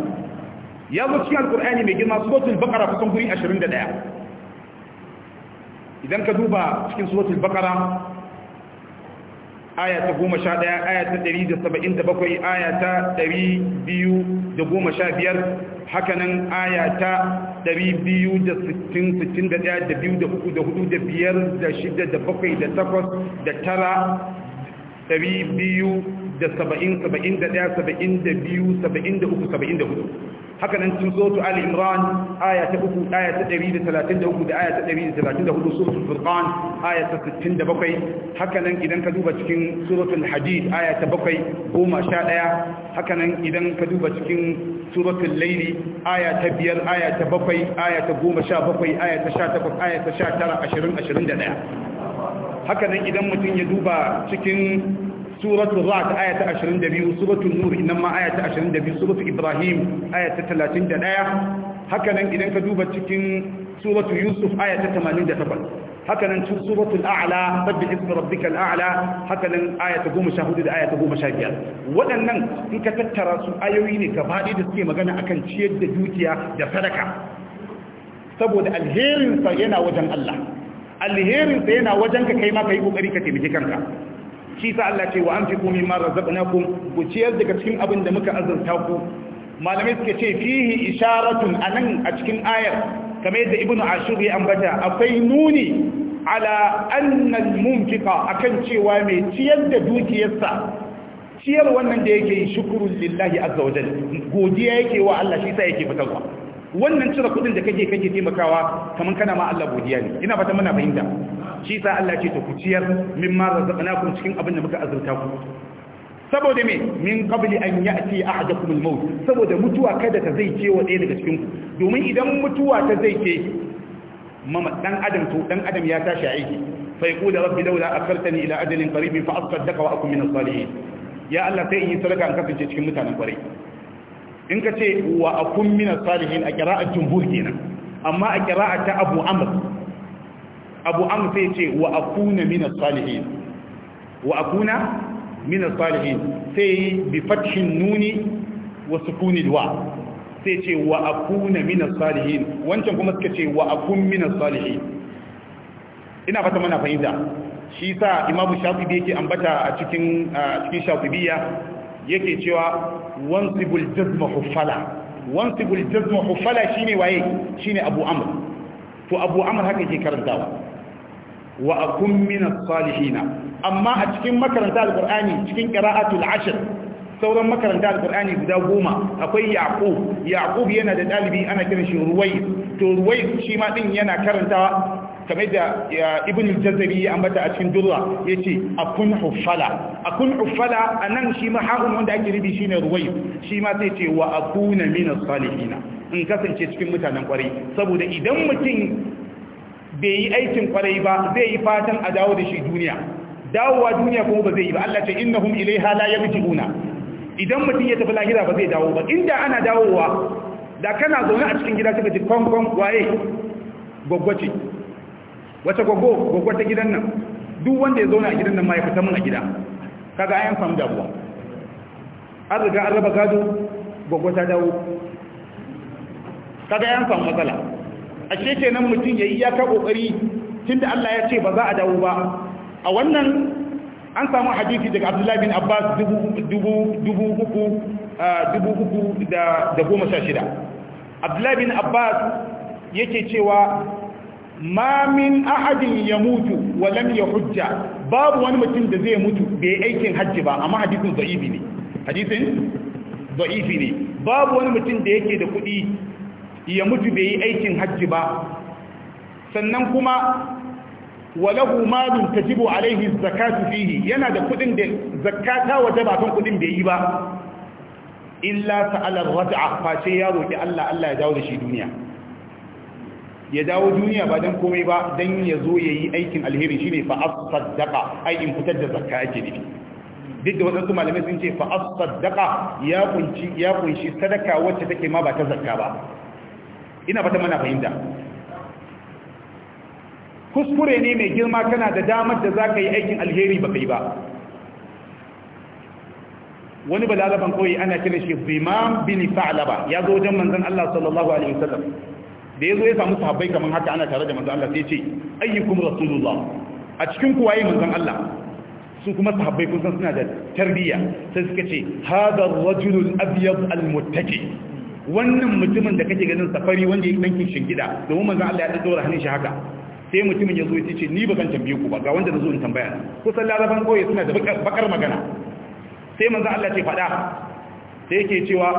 ya zo cikin alkur'ani mai girma suratul baqara kusan guri 21 idan ka duba cikin suratul baqara aya ta 11 aya ta 177 aya ta 215 haka nan aya ta 261 da 4 da 5 da 6 da 7 da 8 da 9 200 da saba'in saba'in da ɗaya saba'in da biyu saba'in da uku saba'in da hudu haka nan sun so Ali Imran aya ta uku aya ta ɗari da talatin da uku da aya ta ɗari da talatin da hudu suratul Furqan aya ta sittin da bakwai haka nan idan ka duba cikin suratul Hadid aya ta bakwai goma sha ɗaya haka nan idan ka duba cikin suratul Laili aya ta biyar aya ta bakwai aya ta goma sha bakwai aya ta sha takwas aya ta sha tara ashirin ashirin da ɗaya haka nan idan mutum ya duba cikin suratul ra'd aya ta 22 suratul nur inna ma aya ta 22 suratul ibrahim ayata ta 31 haka nan idan ka duba cikin suratul yusuf ayata ta 88 haka nan cikin suratul a'la sabbi ismi rabbikal a'la haka nan ayata 14 da ayata 15 waɗannan in ka tattara su ayoyi ne gaba da suke magana akan ciyar da dukiya da sadaka saboda alherin sa yana wajen Allah alherin sa yana wajen ka kai ma kai kokari ka taimaki kanka shi sa Allah ce wa anfiqu mimma razaqnakum ku ciyar daga cikin abin da muka azurta ku malamai suka ce fihi isharatun anan a cikin ayar kamar yadda ibnu ashur ya ambata akwai nuni ala annal munfiqa akan cewa mai ciyar da dukiyarsa ciyar wannan da yake yi shukurun lillahi azza wajal godiya yake wa Allah shi sa yake fitarwa wannan cire kudin da kake kake taimakawa kaman kana ma Allah godiya ne ina fata muna fahimta shi sa Allah ce ta kuciyar mimma razaqnakum cikin abin da muka azurta ku saboda me min qabli an ya'ti ahadakum al-maut saboda mutuwa kada ta zai ce wa ɗaya daga cikin ku domin idan mutuwa ta zai ce mama dan adam to dan adam ya tashi aiki fa yaqulu rabbi laula akhartani ila ajalin qarib fa asaddaqa wa akun min as-salihin ya Allah sai in yi sadaka an kasance cikin mutanen kwarai in ka ce wa akun min as-salihin a qira'at jumhur kenan amma a qira'at ta Abu Amr abu an sai ce wa akuna min as-salihin wa akuna min salihin sai bi fathin nuni wa sukuni wa sai ce wa akuna min as-salihin wancan kuma suka ce wa akun min as-salihin ina fata mana fahimta shi sa imamu shafi'i yake ambata a cikin cikin shafi'iyya yake cewa wansibul jazma huffala wansibul jazma huffala shine waye shine abu amr to abu amr haka yake karantawa wa akun min salihina amma a cikin makaranta alkur'ani cikin qira'atul ashr sauran makaranta alkur'ani guda goma akwai yaqub yaqub yana da ɗalibi ana kiran shi ruwai to ruwai shi ma ɗin yana karanta kamar da ibn al-jazari ya ambata a cikin durra yace kun hufala akun hufala anan shi ma wanda ake shi shine ruwai shi ma sai ce wa akuna min as in kasance cikin mutanen kwarai saboda idan mutum bai yi aikin kwarai ba zai yi fatan a dawo da shi duniya dawowa duniya kuma ba zai yi ba Allah ce innahum ilaiha la yarji'una idan mutum ya tafi lahira ba zai dawo ba inda ana dawowa da kana zaune a cikin gida suka ji kwankwan waye gwaggwace wata goggo goggo ta gidan nan duk wanda ya zauna a gidan nan ma ya fita mun a gida kaga ayan fam da an riga an raba gado gwaggo ta dawo kaga ayan fam matsala ashe nan mutum yi ya ka kokari tunda Allah ya ce ba za a dawo ba a wannan an samu hadisi daga abdullahi bin Abbas dubu dubu uku da goma sha shida abdullahi bin Abbas yake cewa ma min ahadin ya mutu wa ya hujja babu wani mutum da zai mutu bai aikin hajji ba amma hadisin za'ifi ne hadisin ne babu wani mutum da yake da kuɗi ya mutu bai yi aikin hajji ba sannan kuma walahu malun tajibu alaihi zakatu fihi yana da kudin da zakata waje ba kan kudin bai yi ba illa ta'ala raj'a face ya roki Allah Allah ya dawo da shi duniya ya dawo duniya ba dan komai ba dan ya zo yayi aikin alheri shine fa as-sadaqa ai in fitar da zakka yake nufi duk da wadansu malamai sun ce fa as ya kunshi ya kunshi sadaka wacce take ma ba ta zakka ba ina fata mana fahimta kuskure ne mai girma kana da damar da za ka yi aikin alheri ba kai ba wani balaraban koyi ana kira shi zimam bin fa'alaba ya zo wajen manzan Allah sallallahu alaihi wasallam da ya zo ya samu sahabbai kamar haka ana tare da manzan Allah sai ce ayyukum rasulullah a cikin ku waye manzan Allah su kuma sahabbai kun san suna da tarbiyya sai suka ce hadha ar-rajulu al-abyad al-muttaqi wannan mutumin da kake ganin safari wanda ya dankin shingida domin manzo Allah ya dora hannun shi haka sai mutumin ya zo ya ce ni ba zan tambaye ku ba ga wanda zo in tambaya kusan laraban koyi suna da bakar magana sai manzo Allah ya ce fada sai yake cewa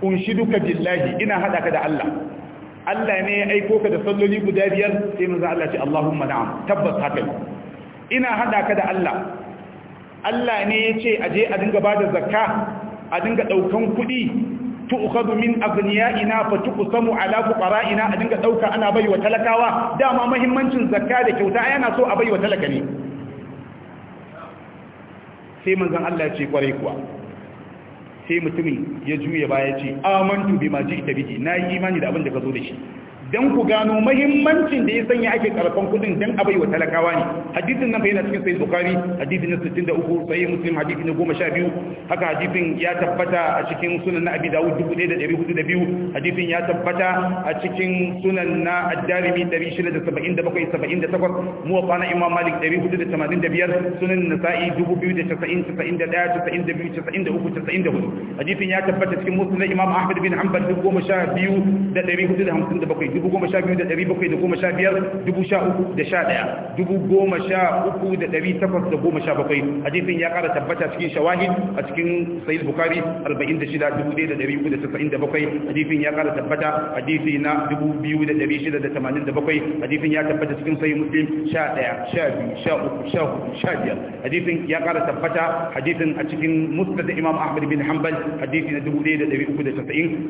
unshiduka billahi ina hada ka da Allah Allah ne ya aiko ka da salloli guda biyar sai manzo Allah ya ce Allahumma na'am tabbas haka ina hada ka da Allah Allah ne ya ce aje a dinga bada zakka a dinga daukan kuɗi tu'khadhu min aghniyaina fa tuqsamu ala fuqara'ina a dinga dauka ana baiwa talakawa dama muhimmancin zakka da kyauta yana so a baiwa talaka ne sai manzon Allah ya ce kwarai kuwa sai mutumin ya juya baya ce amantu bima ta bihi nayi imani da abin da ka zo da shi don ku gano mahimmancin da ya sanya ake karfan kudin don abai wa talakawa ne hadisin nan bayyana cikin sayin bukari hadisi na 63 sayin muslim hadisi na 12 haka hadisin ya tabbata a cikin sunan na abi dawud 1402 hadisin ya tabbata a cikin sunan na addarimi 677 78 muwafa na imam malik 485 sunan nasa'i 2991 92 93 94 hadisin ya tabbata cikin muslim na imam ahmad bin hanbal dubu goma sha biyu da ɗari bakwai da goma sha biyar dubu sha uku da sha ɗaya dubu goma sha uku da ɗari takwas da goma sha bakwai ya kara tabbata cikin shawahid a cikin sahih bukari arba'in da shida dubu ɗaya da ɗari uku da da bakwai ya kara tabbata hadisi na dubu biyu da ɗari shida da tamanin da bakwai ya tabbata cikin sahih muslim sha ɗaya sha biyu sha uku sha sha biyar ya kara tabbata hadisin a cikin da imam ahmad bin hanbal hadisi na dubu ɗaya da ɗari uku da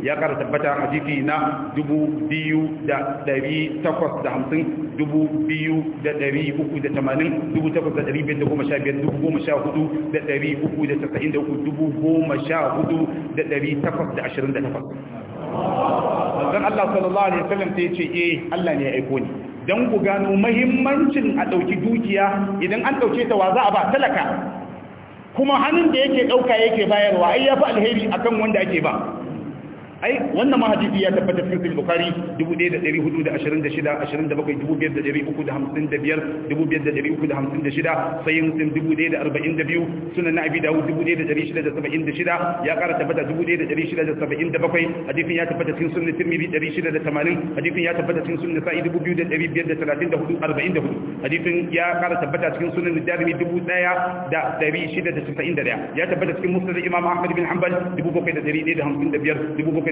ya kara tabbata hadisi na dubu biyu da ɗari takwas da hamsin dubu biyu da ɗari uku da tamanin dubu takwas da ɗari biyar da goma sha biyar dubu goma sha hudu da ɗari uku da tasa'in da uku dubu goma sha hudu da ɗari takwas da ashirin da takwas. Zan Allah sallallahu Alaihi wasallam ta ce, e Allah ne ya aiko ni." Don ku gano mahimmancin a ɗauki dukiya idan an ɗauke ta wa za a ba talaka. Kuma hannun da yake ɗauka yake bayarwa, ai ya fi alheri akan wanda ake ba. ai wannan mahadisi ya tabbata cikin sahih bukhari 1426 27 2355 sunan abi dawud 1676 ya kara tabbata 1677 hadisin ya tabbata cikin sunan tirmidhi 680 hadisin ya tabbata cikin sunan sa'i 2534 hadisin ya kara tabbata cikin sunan darimi 1691 ya tabbata cikin musnad imam ahmad bin hanbal 7755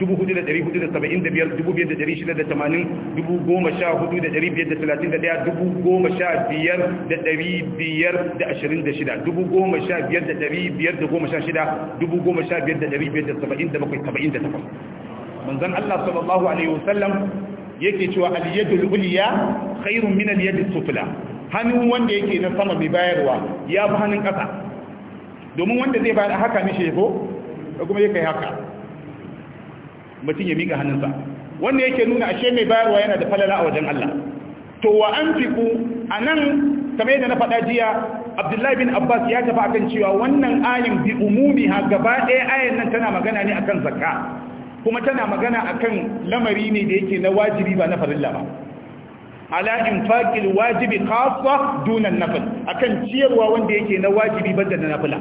manzon Allah sallallahu alaihi wasallam yake cewa al-yadul ulya khairun min al sufla hannun wanda yake na sama mai bayarwa ya fi hannun ƙasa domin wanda zai bayar haka mishi ko kuma yake haka mutum ya miƙa hannunsa wanda yake nuna ashe mai bayarwa yana da falala a wajen Allah to wa a anan kamar yadda na faɗa jiya Abdullahi bin Abbas ya tafi akan cewa wannan ayin bi ha gaba ɗaya ayan nan tana magana ne akan zakka kuma tana magana akan lamari ne da yake na wajibi ba na farilla ba ala infaqil wajibi khassa dunan nafil akan ciyarwa wanda yake na wajibi banda na nafila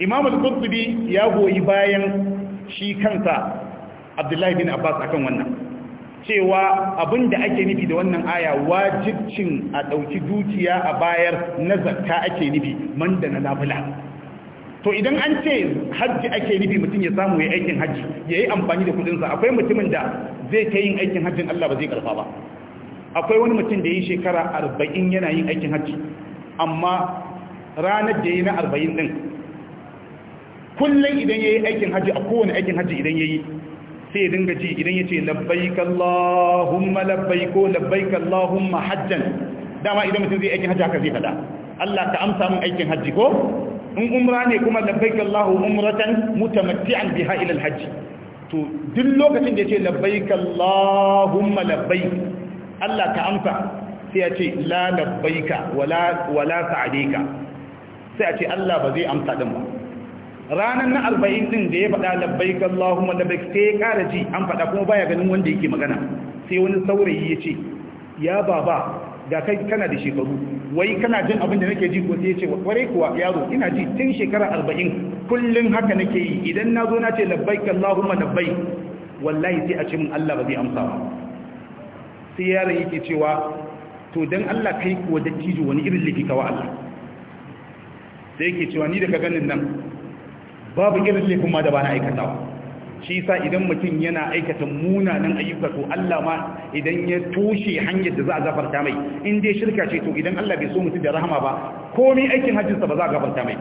Imam al-Qurtubi ya goyi bayan shi kansa abdullahi bin abbas akan wannan cewa abin da ake nufi da wannan aya wajibcin a ɗauki dukiya a bayar na zakka ake nufi man da na labula to idan an ce hajji ake nufi mutum ya samu ya aikin hajji ya yi amfani da kudinsa akwai mutumin da zai ta yin aikin hajjin Allah ba zai karfa ba akwai wani mutum da ya yi shekara arba'in yana yin aikin hajji amma ranar da ya yi na arba'in din kullum idan yayi aikin haji a kowane aikin haji idan yayi sai dinga ji idan yace labbaik allahumma labbaik ko labbaik allahumma hajjan dama idan mutum zai aikin haji haka zai fada Allah ka amsa min aikin haji ko in umra ne kuma labbaik allahu umratan mutamatti'an biha ila alhajj to duk lokacin da yace labbaik allahumma labbaik Allah ka amsa sai ya ce la labbaika wala wala sa'dika sai ya ce Allah ba zai amsa din ba ranar na arba'in din da ya faɗa labbaik Allahumma labbaik ta ya ƙara ji an faɗa kuma baya ganin wanda yake magana sai wani saurayi ya ce ya baba ga kai kana da shekaru wai kana jin abin da nake ji ko sai ya ce kware kuwa yaro ina ji tun shekara arba'in kullum haka nake yi idan na zo na ce labbaik Allahumma labbaik wallahi sai a ce min Allah ba zai amsa ba sai yaron yake cewa to dan Allah kai kuwa dattijo wani irin laifi ka wa Allah sai yake cewa ni daga ganin nan babu irin laifin ma da ba na aikatawa shi yasa idan mutum yana aikata munanan ayyuka to Allah ma idan ya toshe hanyar da za a gafarta mai in dai shirka ce to idan Allah bai so mutum da rahama ba komai aikin hajjinsa ba za a gafarta mai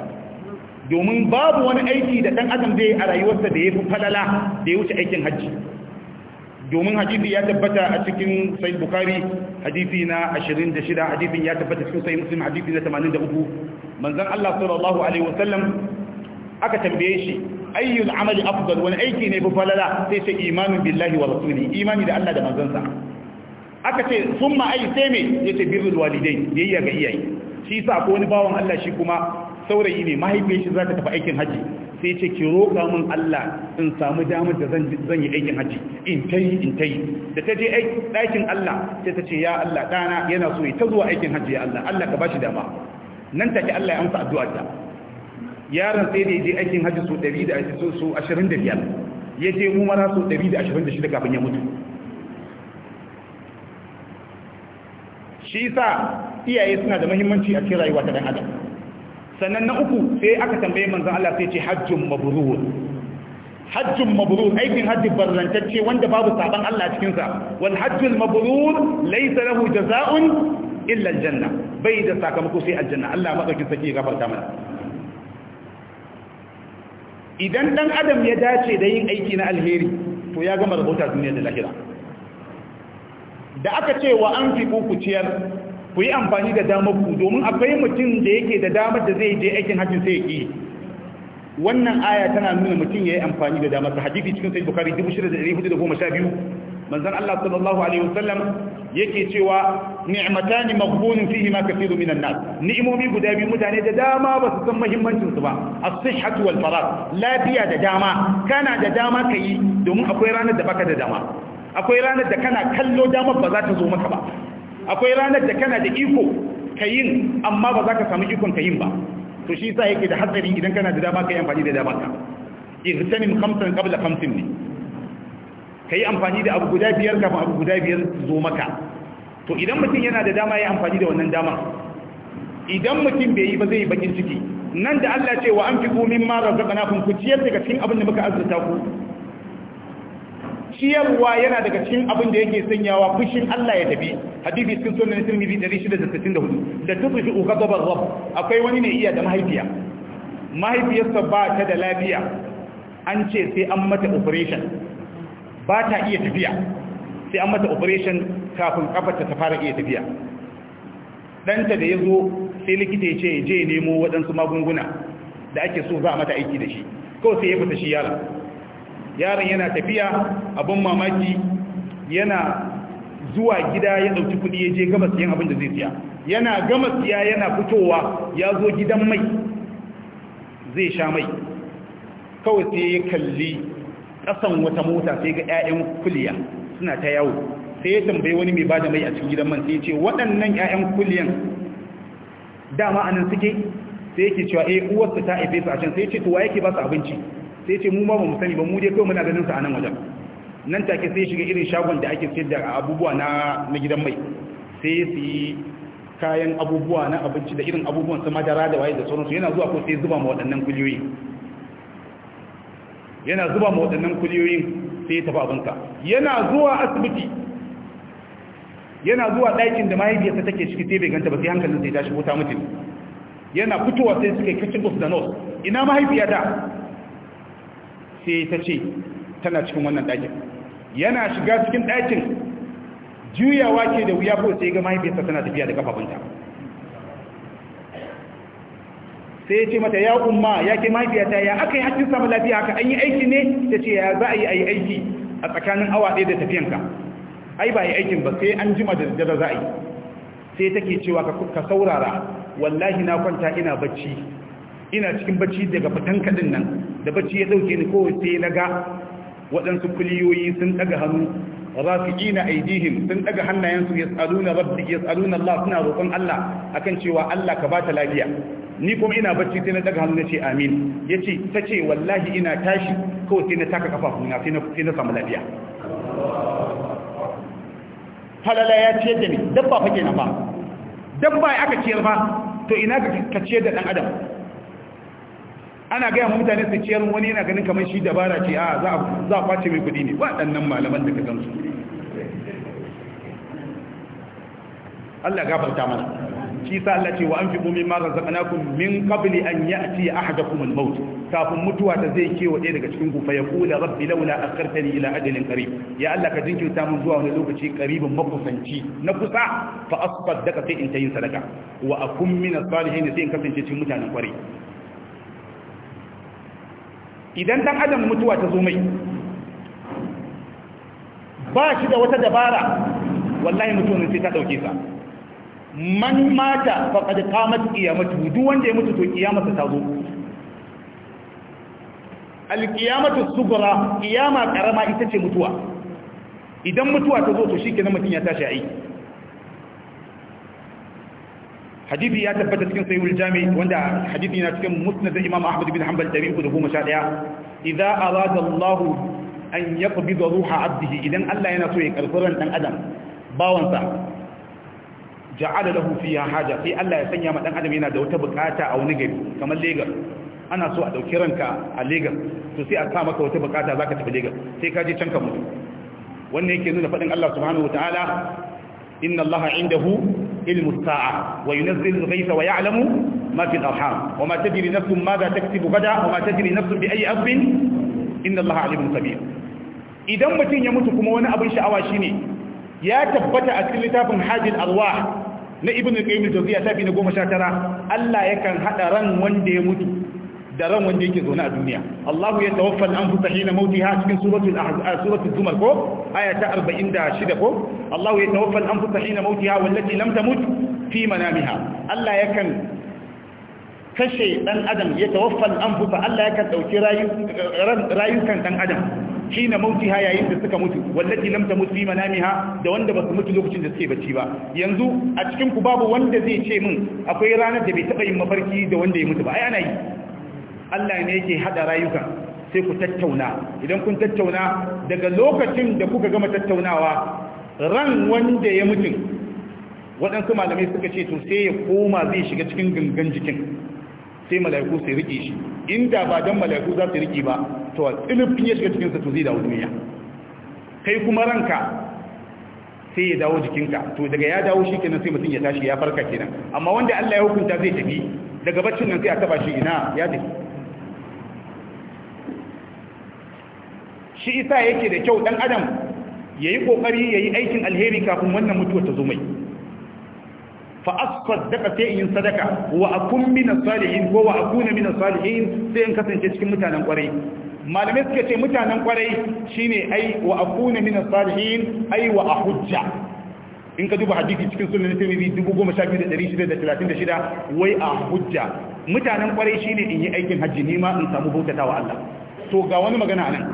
domin babu wani aiki da ɗan adam zai a rayuwarsa da ya fi falala da ya wuce aikin hajji domin hadisi ya tabbata a cikin sai Bukhari hadisi na 26 hadisin ya tabbata cikin sai muslim hadisi na 83 manzon Allah sallallahu alaihi wasallam aka tambaye shi ayyul amali afdal wani aiki ne fi falala sai ce imanin billahi wa rasuli imani da Allah da manzansa aka ce summa ai sai me yace birrul walidai biyayya ga iyaye shi sa ko wani bawon Allah shi kuma saurayi ne mahaifiyar shi za tafi aikin haji sai ce ki roƙa min Allah in samu damar da zan yi aikin haji in tayi in tayi da ta je ɗakin Allah sai ta ce ya Allah ɗana yana so ya ta zuwa aikin haji ya Allah Allah ka bashi dama nan take Allah ya amsa addu'arta yaron sai da je aikin hajji so 125 ya je umara so 126 kafin ya mutu shi sa iyaye suna da mahimmanci a cikin rayuwa ta dan adam sannan na uku sai aka tambaye manzon Allah sai ce hajjun mabrur hajjun mabrur aikin hajji barrantacce wanda babu saban Allah cikin sa wal hajjul mabrur laysa lahu jazaa'un illa aljanna bai da sakamako sai aljanna Allah madaukin sake gafarta mana idan dan adam ya dace da yin aiki na alheri to ya gama rabota duniya da lahira da aka ce wa an fi ku ku yi amfani da damar ku domin akwai mutum da yake da damar da zai je aikin hajjin sai ya ki wannan aya tana nuna mutum ya yi amfani da damar sa hadisi cikin sai bukari 6412 manzon Allah sallallahu alaihi wasallam yake cewa ni'matani maghbunun fihi ma kathiru minan nas ni'imomi guda biyu mutane da dama ba su san muhimmancin su ba as-sihhatu wal lafiya da dama kana da dama kai domin akwai ranar da baka da dama akwai ranar da kana kallo dama ba za ta zo maka ba akwai ranar da kana da iko kayin amma ba za ka samu ikon kayin ba to shi yasa yake da hatsari idan kana da dama kai amfani da dama ka ihtanim khamsan qabla khamsin ne ka yi amfani da abu guda biyar kafin abu guda biyar zo maka to idan mutum yana da dama ya amfani da wannan dama idan mutum bai yi ba zai yi bakin ciki nan da Allah ce wa an fi komin mara zaɓana kun ku ciyar daga cikin abin da muka azurta ku ciyarwa yana daga cikin abin da yake sanyawa fushin Allah ya tafi hadisi cikin sunan dari shida da tufi gabar rabb akwai wani ne iya da mahaifiya mahaifiyarsa ba ta da lafiya an ce sai an mata operation ba ta iya tafiya sai an mata operation kafin kafarta ta fara iya tafiya ɗanta da ya zo sai likita ya ce je nemo waɗansu magunguna da ake so za a mata aiki da shi kawai sai ya fita shi yaron yaron yana tafiya abin mamaki yana zuwa gida ya ɗauki kuɗi ya je gama siyan abin da zai siya yana gama siya yana fitowa ya zo gidan mai zai sha mai kawai sai ya kalli kasan wata mota sai ga 'ya'yan kuliya suna ta yawo sai ya tambayi wani mai bada mai a cikin gidan man sai ya ce waɗannan 'ya'yan kuliyan dama anan suke sai yake cewa eh uwarsa ta haife su a can sai ya ce to wa yake ba su abinci sai ya ce mu ma ba mu sani ba mu dai kawai muna ganin su a nan wajen nan take sai ya shiga irin shagon da ake sayar da abubuwa na na gidan mai sai ya yi kayan abubuwa na abinci da irin abubuwan su madara da waye da sauransu yana zuwa ko sai zuba ma waɗannan kuliyoyi yana zuba ma waɗannan kuliyoyin sai ya tafi abinka yana zuwa asibiti yana zuwa ɗakin da mahaifiyarsa take ciki sai bai ganta ba sai hankalin sai ta shigo ta mutum yana fitowa sai suka kace bus da nos ina mahaifiya da sai ta ce tana cikin wannan ɗakin yana shiga cikin ɗakin juyawa ke da wuya ko sai ga mahaifiyarsa tana tafiya da kafafunta sai ya ce mata ya umma ya ke mahaifiyata ya aka yi haƙƙin samun lafiya haka an yi aiki ne ta ce ya za a yi aiki a tsakanin awa ɗaya da tafiyanka ai ba yi aikin ba sai an jima da daddare za a yi sai ke cewa ka saurara wallahi na kwanta ina bacci ina cikin bacci daga fitan kaɗin nan da bacci ya ɗauke ni kowai sai na ga waɗansu kuliyoyi sun ɗaga hannu rafi'ina aidihim sun ɗaga hannayensu yas'aluna rabbi yas'aluna Allah suna roƙon Allah akan cewa Allah ka bata lafiya ni kuma ina bacci sai na daga hannu ce amin yace ce wallahi ina tashi kawai sai na taka kafafuna sai na sai na samu lafiya halala ya ciyar da ni dabba fa kenan ba dabba aka ciyar ba to ina ka ciyar da dan adam ana gaya mutane su ciyar wani yana ganin kamar shi dabara ce a za a kwace mai kudi ne waɗannan malaman da ka gamsu Allah gafarta mana shi sa Allah ce wa an fi anfiqu mimma kun? min kabili an ya'ti ahadakum kuma maut kafin mutuwa ta zai kewa ɗaya daga cikin ku fa yaqulu rabbi laula akhartani ila adalin qarib ya Allah ka jinkirta mun zuwa wani lokaci qaribin makusanci na kusa fa daga sai in tayin sadaka wa a akun min as-salihin sai in kasance cikin mutanen kwarai idan dan adam mutuwa ta zo mai ba shi da wata dabara wallahi ne sai ta ɗauke sa man mata faqad qamat qiyamatu duk wanda ya mutu to kiyamarsa ta zo alkiyamatu sugura kiyama karama ita ce mutuwa idan mutuwa ta zo to shi kenan mutum ya tashi aiki hadithi ya tabbata cikin sayyul jami wanda hadithi na cikin musnad da imam ahmad bin hanbal 311 idza arada allah an yaqbida ruha abdihi idan allah yana so ya karfi ran dan adam bawansa ja'ala lahu fiha haja sai Allah ya sanya ma dan adam yana da wata bukata a wani gari kamar Lagos ana so a dauki ranka a Lagos to sai a sa maka wata bukata zaka tafi Lagos sai ka je can ka mutu wannan yake nuna fadin Allah subhanahu wataala inna Allah indahu ilmus sa'a wa yunzilu al-ghaytha wa ya'lamu ma fi al-arham wa ma tadri nafsun madha taktubu gada wa ma tadri nafsun bi ayyi ardin inna Allah alimun khabir idan mutun ya mutu kuma wani abin sha'awa shine ya tabbata a cikin littafin hajjil arwah na ibn qayyim al-jawziya shafi na 19 Allah yakan hada ran wanda ya mutu da ran wanda yake zaune a duniya Allahu ya tawaffa al-anfus hina mautiha cikin suratul ahzab suratul zumar ko aya ta 46 ko Allahu ya tawaffa al-anfus hina mautiha wallati lam tamut fi manamiha Allah yakan kashe dan adam ya tawaffal anfusa Allah ya kan dauki rayukan dan adam shine mauti ha yayin da suka mutu wallati lam tamut fi manamiha da wanda basu mutu lokacin da suke bacci ba yanzu a cikin ku babu wanda zai ce min akwai ranar da bai taba yin mafarki da wanda ya mutu ba ai ana yi Allah ne yake hada rayuka sai ku tattauna idan kun tattauna daga lokacin da kuka gama tattaunawa ran wanda ya mutu waɗansu malamai suka ce to sai ya koma zai shiga cikin gangan jikin sai mala'iku su rike shi inda ba dan mala'iku za su rike ba to a tsilifin ya shiga cikinsa to zai dawo duniya kai kuma ranka sai ya dawo jikinka to daga ya dawo shi kenan sai mutum ya tashi ya farka kenan amma wanda Allah ya hukunta zai tafi daga baccin nan sai a taba shi ina ya tafi shi isa yake da kyau dan adam yayi kokari yayi aikin alheri kafin wannan mutuwa ta zo mai fa asfaddaqa sai in sadaka wa akun min salihin ko wa akun min salihin sai in kasance cikin mutanen kwarai malamai suka ce mutanen kwarai shine ai wa akun min salihin ai wa ahujja in ka duba hadisi cikin sunan tirmidhi 12636 wai a hujja mutanen kwarai shine in yi aikin hajji ni ma in samu wa Allah to ga wani magana anan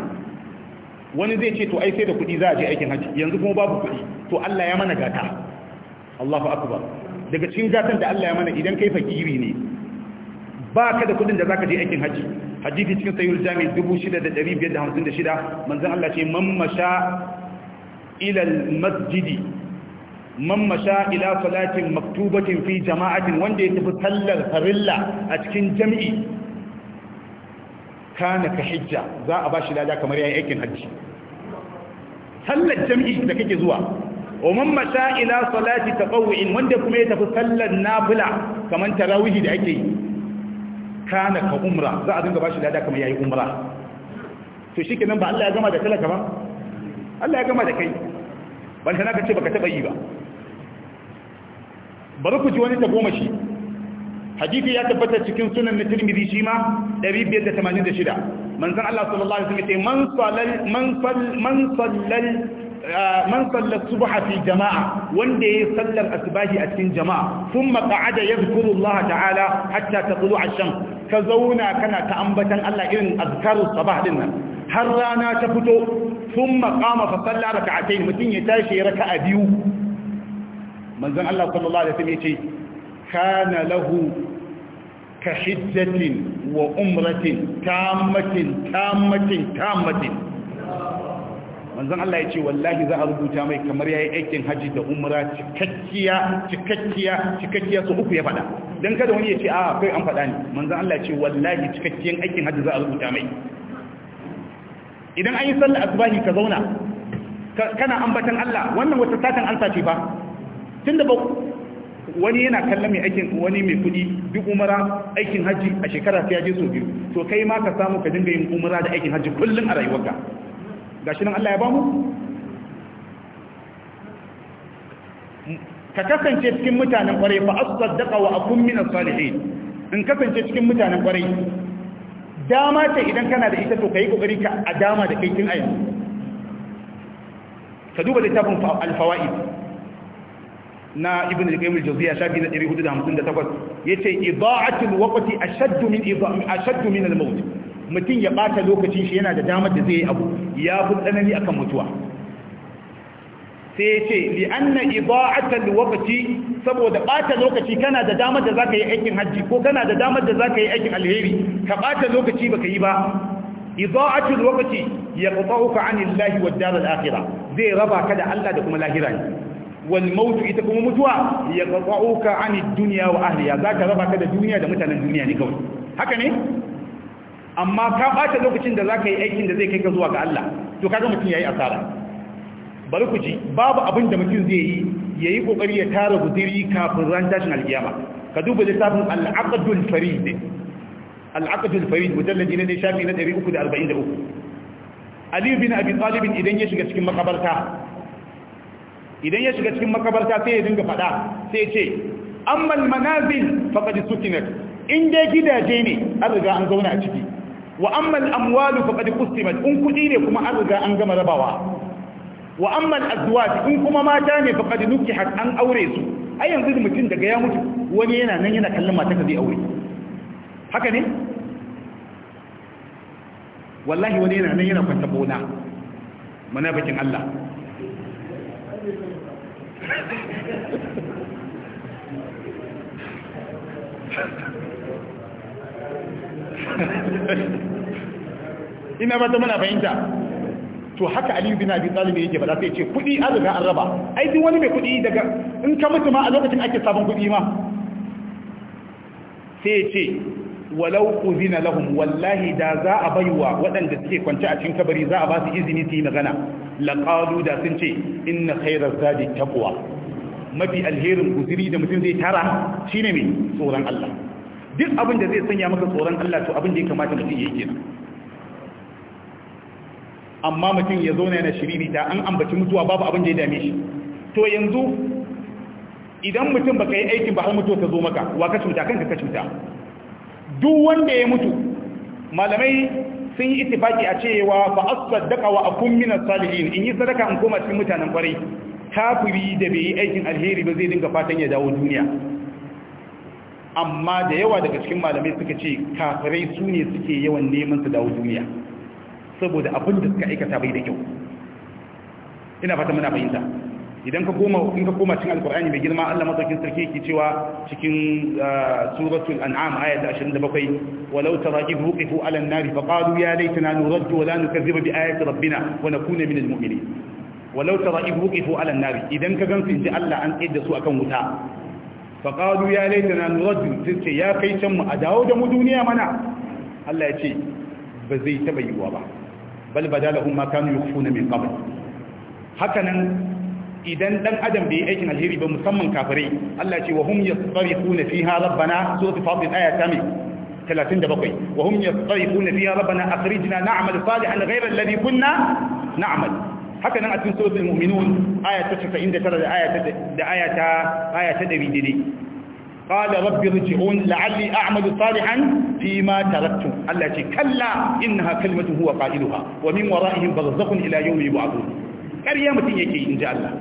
wani zai ce to ai sai da kuɗi za a je aikin hajji yanzu kuma babu kuɗi to Allah ya mana gata Allahu akbar daga cikin gatan da Allah ya mana idan kai fakiri ne ba ka da kudin da za ka je aikin hajji hadisi cikin sayyid jami 6556 manzon Allah ce man masha ila masjidi man masha ila salatin maktubatin fi jama'atin wanda ya tafi sallar farilla a cikin jami'i kana ka hijja za a ba shi lada kamar yayin aikin haji sallar jami'i da kake zuwa wa man mata ila salati tatawwu'in wanda kuma ya tafi sallar nafila kaman tarawih da ake yi kana ka umra za a dinga bashi lada kamar yayi umra to shikenan ba Allah ya gama da talaka ba Allah ya gama da kai ban sana ka ce baka taba yi ba bari ku ji wani ta goma shi hadisi ya tabbata cikin sunan Tirmidhi shi ma 586 Allah sallallahu alaihi man man sallar subha fi jama'a wanda ya sallar asibahi a cikin jama'a thumma qa'ada yadhkuru Allah ta'ala hatta tatlu a shan ka zauna kana ta ambatan Allah irin azkarus sabah din nan har rana ta fito thumma qama fa salla rak'atayn mutum ya tashi a biyu manzon Allah sallallahu alaihi wasallam kana lahu ka hijjatin wa umratin tamatin tamatin tamatin manzon Allah ya ce wallahi za a rubuta mai kamar yayi aikin haji da umra cikakkiya cikakkiya cikakkiya su uku ya fada dan kada wani ya ce a kai an fada ne manzon Allah ya ce wallahi cikakkiyan aikin haji za a rubuta mai idan an yi sallar asbahi ka zauna kana ambatan Allah wannan wata satan an sace fa tunda ba wani yana kallon mai aikin wani mai kudi duk umara aikin haji a shekara sai ya je so biyu to kai ma ka samu ka dinga yin umara da aikin haji kullum a rayuwarka Ga shi nan Allah ya bamu ka kasance cikin mutanen kwarai fa asaddaqa wa akun min as-salihin in kasance cikin mutanen kwarai dama ta idan kana da ita to ka yi kokari ka a dama da kai kin ayyuka ka duba littafin al-fawaid na ibn al-qayyim al-jawziya shafi na 458 yace ida'atul waqti ashaddu min ida'ati ashaddu min al-maut mutum ya ɓata lokacin shi yana da damar da zai yi abu ya fi tsanani akan mutuwa sai ya ce li anna iba'atal waqti saboda ɓata lokaci kana da damar da za ka yi aikin hajji ko kana da damar da za ka yi aikin alheri ka ɓata lokaci ba ka yi ba Ya waqti yaqta'uka 'anillahi lahi dar al-akhirah zai raba ka da Allah da kuma lahira wal maut ita kuma mutuwa ya yaqta'uka 'anid duniya wa Za zaka raba ka da duniya da mutanen duniya ne kawai haka ne amma ka bata lokacin da zaka yi aikin da zai kai ka zuwa ga Allah to kaga mutum yi asara bari ku ji babu abin da mutum zai yi yayi kokari ya tara gudiri kafin ran tashin alkiyama ka duba littafin al-aqdul farid al-aqdul farid mujalladi na shafi na 343 Ali bin Abi Talib idan ya shiga cikin makabarta idan ya shiga cikin makabarta sai ya dinga fada sai ya ce ammal manazil faqad sukinat in dai gidaje ne an riga an zauna a ciki wa amma al-amwalu faqad qustimat in kudi ne kuma an riga an gama rabawa wa amma al in kuma mata ne faqad nukihat an aure su ai yanzu mutum daga ya mutu wani yana nan yana kallon mata zai aure haka ne wallahi wani yana nan yana kwanta bona mana bakin Allah Thank you. ina ba ta muna fahimta to haka aliyu bin abi talib yake ba za ta ce kudi an riga an raba ai duk wani mai kudi daga in ka mutu ma a lokacin ake sabon kudi ma sai ce walau uzina lahum wallahi da za a baiwa waɗanda suke kwance a cikin kabari za a ba su izini su yi magana laqalu da sun ce inna khayra zadi taqwa mafi alherin guziri da mutum zai tara shine mai tsoron Allah duk abin da zai sanya maka tsoron Allah to abin da ya kamata mutum ya yi kenan amma mutum ya zauna yana shiriri ta an ambaci mutuwa babu abin da ya dame shi to yanzu idan mutum baka yi aikin ba har mutu ta zo maka wa ka cuta kanka ka cuta duk wanda ya mutu malamai sun yi ittifaki a cewa fa asaddaqa wa akun min as-salihin in yi sadaka in koma cikin mutanen kwarai kafiri da bai yi aikin alheri ba zai dinga fatan ya dawo duniya amma da yawa daga cikin malamai suka ce kafirai su ne suke yawan neman su dawo duniya saboda abin da suka aikata bai da kyau ina fata muna fahimta idan ka koma in ka koma cikin alkur'ani mai girma Allah madaukakin sarki yake cewa cikin uh, suratul an'am ayat 27 walau taraqib wuqifu 'ala an-nar fa qalu ya laitana nuraddu wa la nukazziba bi ayati rabbina wa nakuna min al-mu'minin walau taraqib wuqifu 'ala an-nar idan ka gansu inji Allah an tsaye da su akan wuta faƙaru ya laita na nuraddu sun ce ya kai can mu a dawo da mu duniya mana Allah ya ce ba zai taɓa yi yiwuwa ba bal ba dalahun ma kanu yi na mai ƙabar hakanan idan ɗan adam bai yi aikin alheri ba musamman kafare. Allah ya ce wa hum ya tsari kuna fi ha rabbana so su faɗin aya ta mai talatin 37 wa hum ya tsari kuna fi ha rabbana akhrijna na'mal salihan ghayra Ladi kunna na'mal haka nan a cikin suratul mu'minun aya ta 99 da aya da ayata ayata aya ta 100 dai qala rabbi rji'un la'alli a'malu salihan fi ma taraktu Allah ce kalla innaha kalimatun huwa qailuha wa min wara'ihim barzakhun ila yawmi yub'athun ƙarya mutun yake inji Allah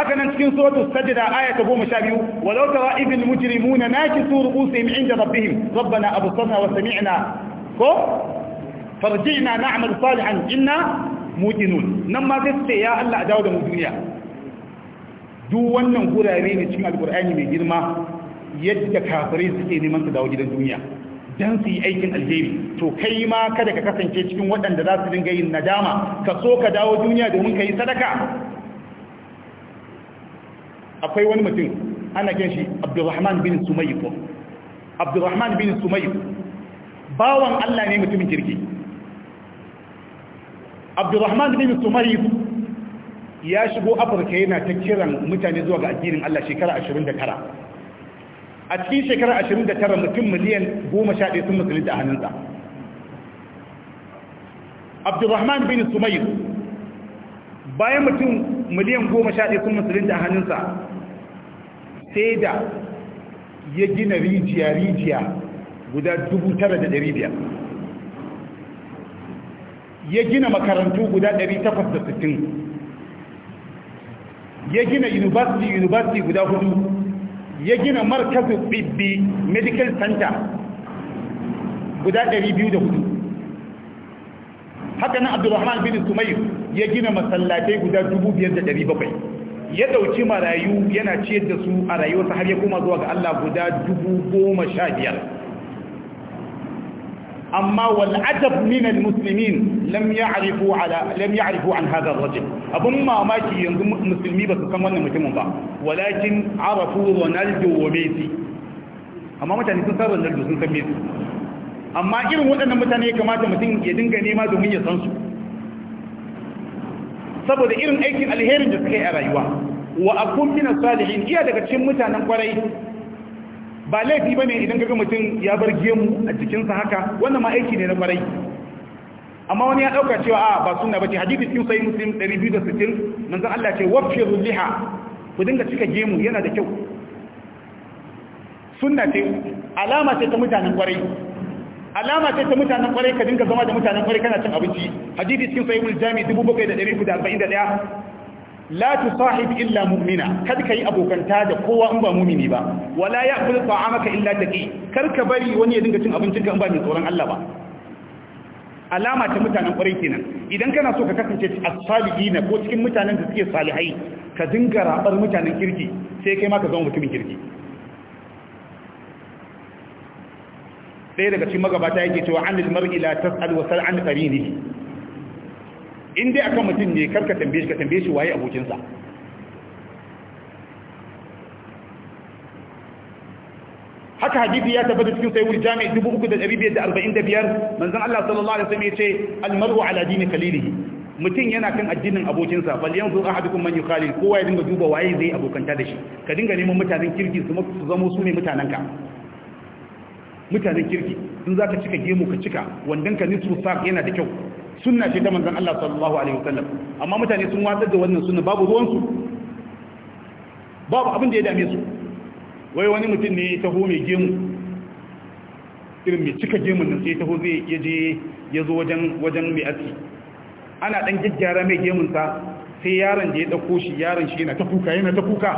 haka nan cikin suratul sajda aya ta 12 walau tara idil mujrimuna nakisu ru'usihim 'inda rabbihim rabbana absarna wa sami'na ko farjina na amal salihan inna muqinun nan ma sai ce ya Allah a dawo da mu duniya duk wannan gurare ne cikin alqur'ani mai girma yadda kafirai suke neman su dawo gidan duniya dan su yi aikin alheri to kai ma kada ka kasance cikin waɗanda za su dinga yin nadama ka so ka dawo duniya domin ka yi sadaka akwai wani mutum ana kiran shi Abdulrahman bin Sumayy Abdulrahman bin Sumayy bawan Allah ne mutumin kirki abdurrahman bin sumayif ya shigo afirka yana ta kiran mutane zuwa ga addinin Allah shekara 29 a cikin shekara 29 mutum miliyan 11 sun musulunta a hannunsa abdurrahman bin sumayif bayan mutum miliyan 11 sun musulunta a hannunsa sai da ya gina rijiya rijiya guda 9,500 ya gina makarantu guda 860 ya gina university university guda hudu ya gina markazin bibbi medical center guda 204 haka nan abdulrahman bin sumayir ya gina masallatai guda 5,700 ya dauki marayu yana ciyar da su a rayuwarsa har ya koma zuwa ga allah guda 15,000 amma wal ajab min al muslimin lam ya'rifu ala lam ya'rifu mamaki yanzu musulmi ba su san mutumin ba walakin arafu ronaldo wa messi amma mutane sun san ronaldo sun san messi amma irin waɗannan mutane ya kamata mutum dinga nema domin ya sansu su saboda irin aikin alherin da suka a rayuwa wa akun salihin iya daga cikin mutanen kwarai ba laifi ba ne idan kaga mutum ya bar gemu a jikinsa haka wannan ma aiki ne na kwarai amma wani ya dauka cewa a ah, ba suna ba ce. hadisi cikin sai muslim 260 manzon Allah ce wafiru liha ku dinga cika gemu yana da kyau sunna ce alama ce ta mutanen kwarai alama ce ta mutanen kwarai ka dinga zama da mutanen kwarai kana cin abinci hadisi cikin sai al-jami la tusahib illa mu'mina kad kai abokanta da kowa in ba mu'mini ba wala ya'kul ta'amaka illa taqi kar ka bari wani ya dinga cin abincin ka in ba mai tsoron Allah ba alama ta mutanen kwarai kenan idan kana so ka kasance a salihina ko cikin mutanen da suke salihai ka dinga rabar mutanen kirki sai kai ma ka zama mutumin kirki ɗaya daga cikin magabata yake cewa an mar'i la tas'al wa sal qarinihi in dai akan mutum ne karka tambaye shi ka tambaye shi waye abokinsa haka hadithi ya tabbata cikin dubu uku da da biyar sayyid jami' 3545 manzon Allah sallallahu alaihi wasallam yace almaru ala dini khalilihi mutum yana kan addinin abokinsa bal yanzu ahadukum man yukhalil kowa ya dinga duba waye zai abokanta da shi ka dinga neman mutanen kirki su su zamo su ne mutanenka mutanen kirki sun zaka cika gemu ka cika wandon ka nisu yana da kyau sunna ce ta manzan Allah sallallahu alaihi wasallam amma mutane sun watsar da wannan sunna babu ruwan su babu abin da ya dame su wai wani mutum ne ya taho mai gemu irin mai cika gemun nan sai ya taho zai ya je ya zo wajen wajen mai aski ana dan gyaggyara mai gemun sa sai yaron da ya dauko shi yaron shi yana ta kuka yana ta kuka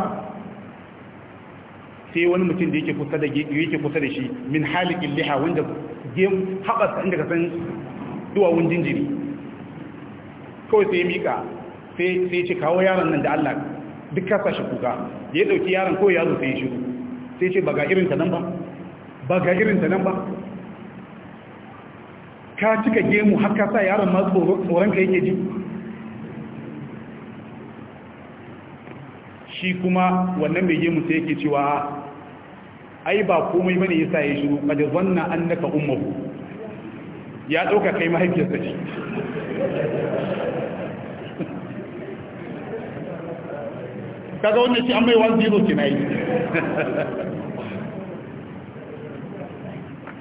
sai wani mutum da yake kusa da yake kusa da shi min halikin liha wanda haɓasa inda ka san duwawun jinjiri kawai sai ya miƙa sai ce kawo yaron nan da Allah duk kasa shi kuka ya ɗauki yaron kawai yazo sai ya shiru sai ce ba ga irinta nan ba ba ga irinta nan ba ka cika gemu har ka sa yaron ma ka yake ji shi kuma wannan mai gemu sai yake cewa ai ba komai bane yasa ya shiru kaje zanna annaka ummuhu ya ɗauka kai mahaifiyarsa ce kaga wannan ce an mai wani zero ke na yi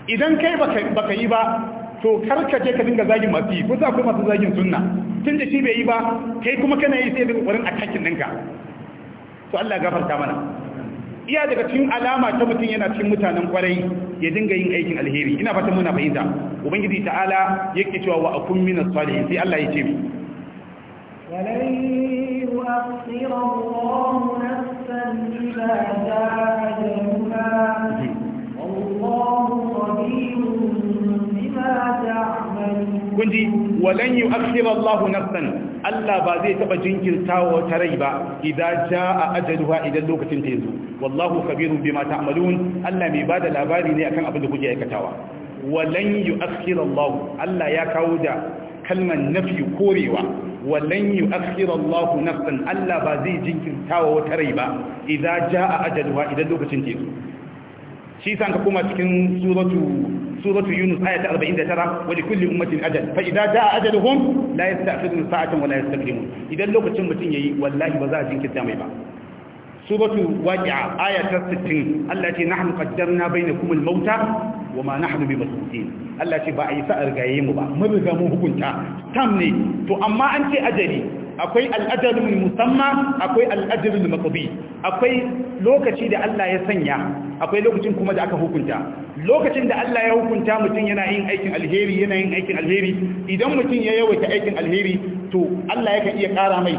idan kai baka yi ba to karkace ka dinga zagin masu yi za ku masu zagin sunna tun da shi bai yi ba kai kuma kana yi sai da ƙoƙarin a kakin ninka, to Allah gafarta mana iya daga cikin alama ta mutum yana cikin mutanen kwarai ya dinga yin aikin alheri ina fata muna fahimta ubangiji ta'ala yake cewa wa akun min as-salihin sai Allah ya ce walan yu'akhkhira nafsan kundi walan yu'akhkhira Allah nafsan Allah ba zai taba jinkirta wa wata rai ba idan a ajaluha idan lokacin ta yazo wallahu khabirun bima ta'malun Allah mai bada labari ne akan abin da kuke aikatawa walan yu'akhkhira Allah Allah ya kawo da kalman nafi korewa Walan yi Allah nafsan Allah ba zai wa wata rai ba idan a ajaluwa idan lokacin teku shi san ka kuma cikin suratu suratu yunus aya ta 49 wali kulli ummatin ajal fa idza jaa ajaluhum la yasta'khiruna sa'atan wa la yastaqdimun idan lokacin mutun yayi wallahi ba za a jinkirta mai ba suratu waqi'a aya ta 60 Allah ce nahnu qaddarna bainakum al-mauta wa ma nahnu bimasbuqin Allah ce ba a yi sa'ar gaye mu ba mun riga mun hukunta tam ne to amma an ce ajali akwai al'adarul musamman, akwai al'adarul maqdi akwai lokaci da Allah ya sanya akwai lokacin kuma da aka hukunta lokacin da Allah ya hukunta mutum yana yin aikin alheri yana yin aikin alheri idan mutum ya yawaita aikin alheri to Allah yakan iya ƙara mai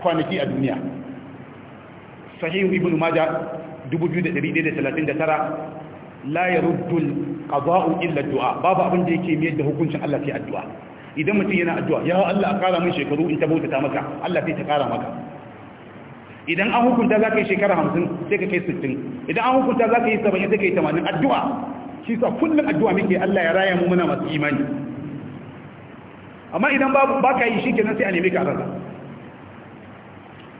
kwanaki a duniya sahihu ibnu majah 2139 la yaruddu qadau illa ad-du'a babu abin da yake miyar da hukuncin Allah sai addu'a idan mutum yana addu'a ya Allah a ƙara min shekaru in ta bautata maka Allah sai ta ƙara maka idan an hukunta za ka yi shekara hamsin sai ka kai sittin idan an hukunta za ka yi saba'in sai ka yi tamanin addu'a shi sa kullum addu'a muke Allah ya raya mu muna masu imani amma idan ba ka yi shi ke nan sai a nemi ka rasa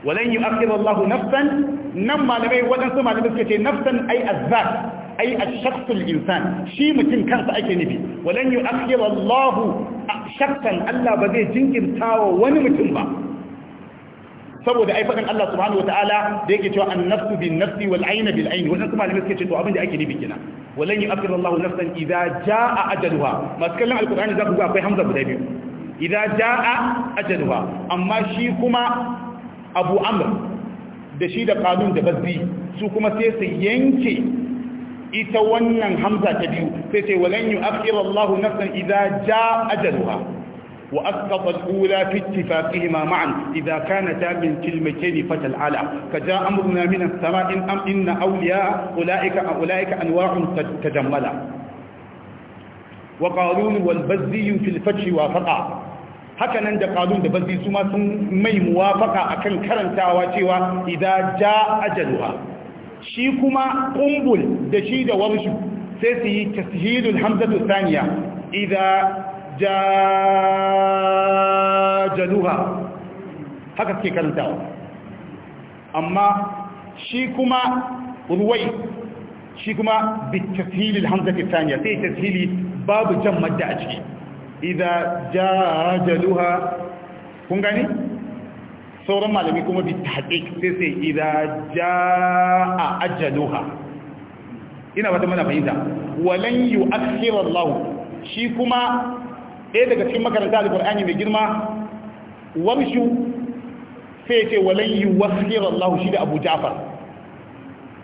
walan yi akhir nafsan nan malamai wajen su malamai suka ce nafsan ai azzar ai a shakhsul insan shi mutum kansa ake nufi walan yu'akhir a shakkan Allah ba zai jinkirta wa wani mutum ba saboda ai fadin Allah subhanahu wa ta'ala da yake cewa an-nafsu bin-nafsi wal aina bil-ayn wannan kuma malamai suke ce to abin da ake nufi kenan walan yu'akhir Allah nafsan ja a ajaluha masu kallon alqur'ani za ku ga akwai hamza guda biyu idan ja a ajaluha amma shi kuma Abu Amr da shi da kanun da bazzi su kuma sai su yanke ita wannan hamza ta biyu sai sai walan yu'akhir Allah nafsan idza jaa ajaluha wa asqata al-ula fi ittifaqihima ma'an idza kanata min kilmatayn fatal ala fa jaa amruna min as-sama'i am inna awliya ulaika ulaika anwa'un tatajammala wa qalun wal bazzi fi al-fath wafaqa haka hakanan da kalun da bazzi su ma sun mai muwafaka akan karantawa cewa idza jaa ajaluha shi kuma kumbul da shi da warshu sai su yi tashidul hamzatu thaniya idza jajaluha haka suke karantawa amma shi kuma ruwai shi kuma bi bitashilil hamzati thaniya sai tashili babu jan madda a ciki idza jajaluha kun gani sauran malami kuma bi taƙiƙ sai sai idan ja'a ajaluha ina ba ta mana fahimta walan yu akhira Allah shi kuma ɗaya daga cikin makaranta alqur'ani mai girma warshu sai ce walan yu akhira Allah shi da Abu Ja'far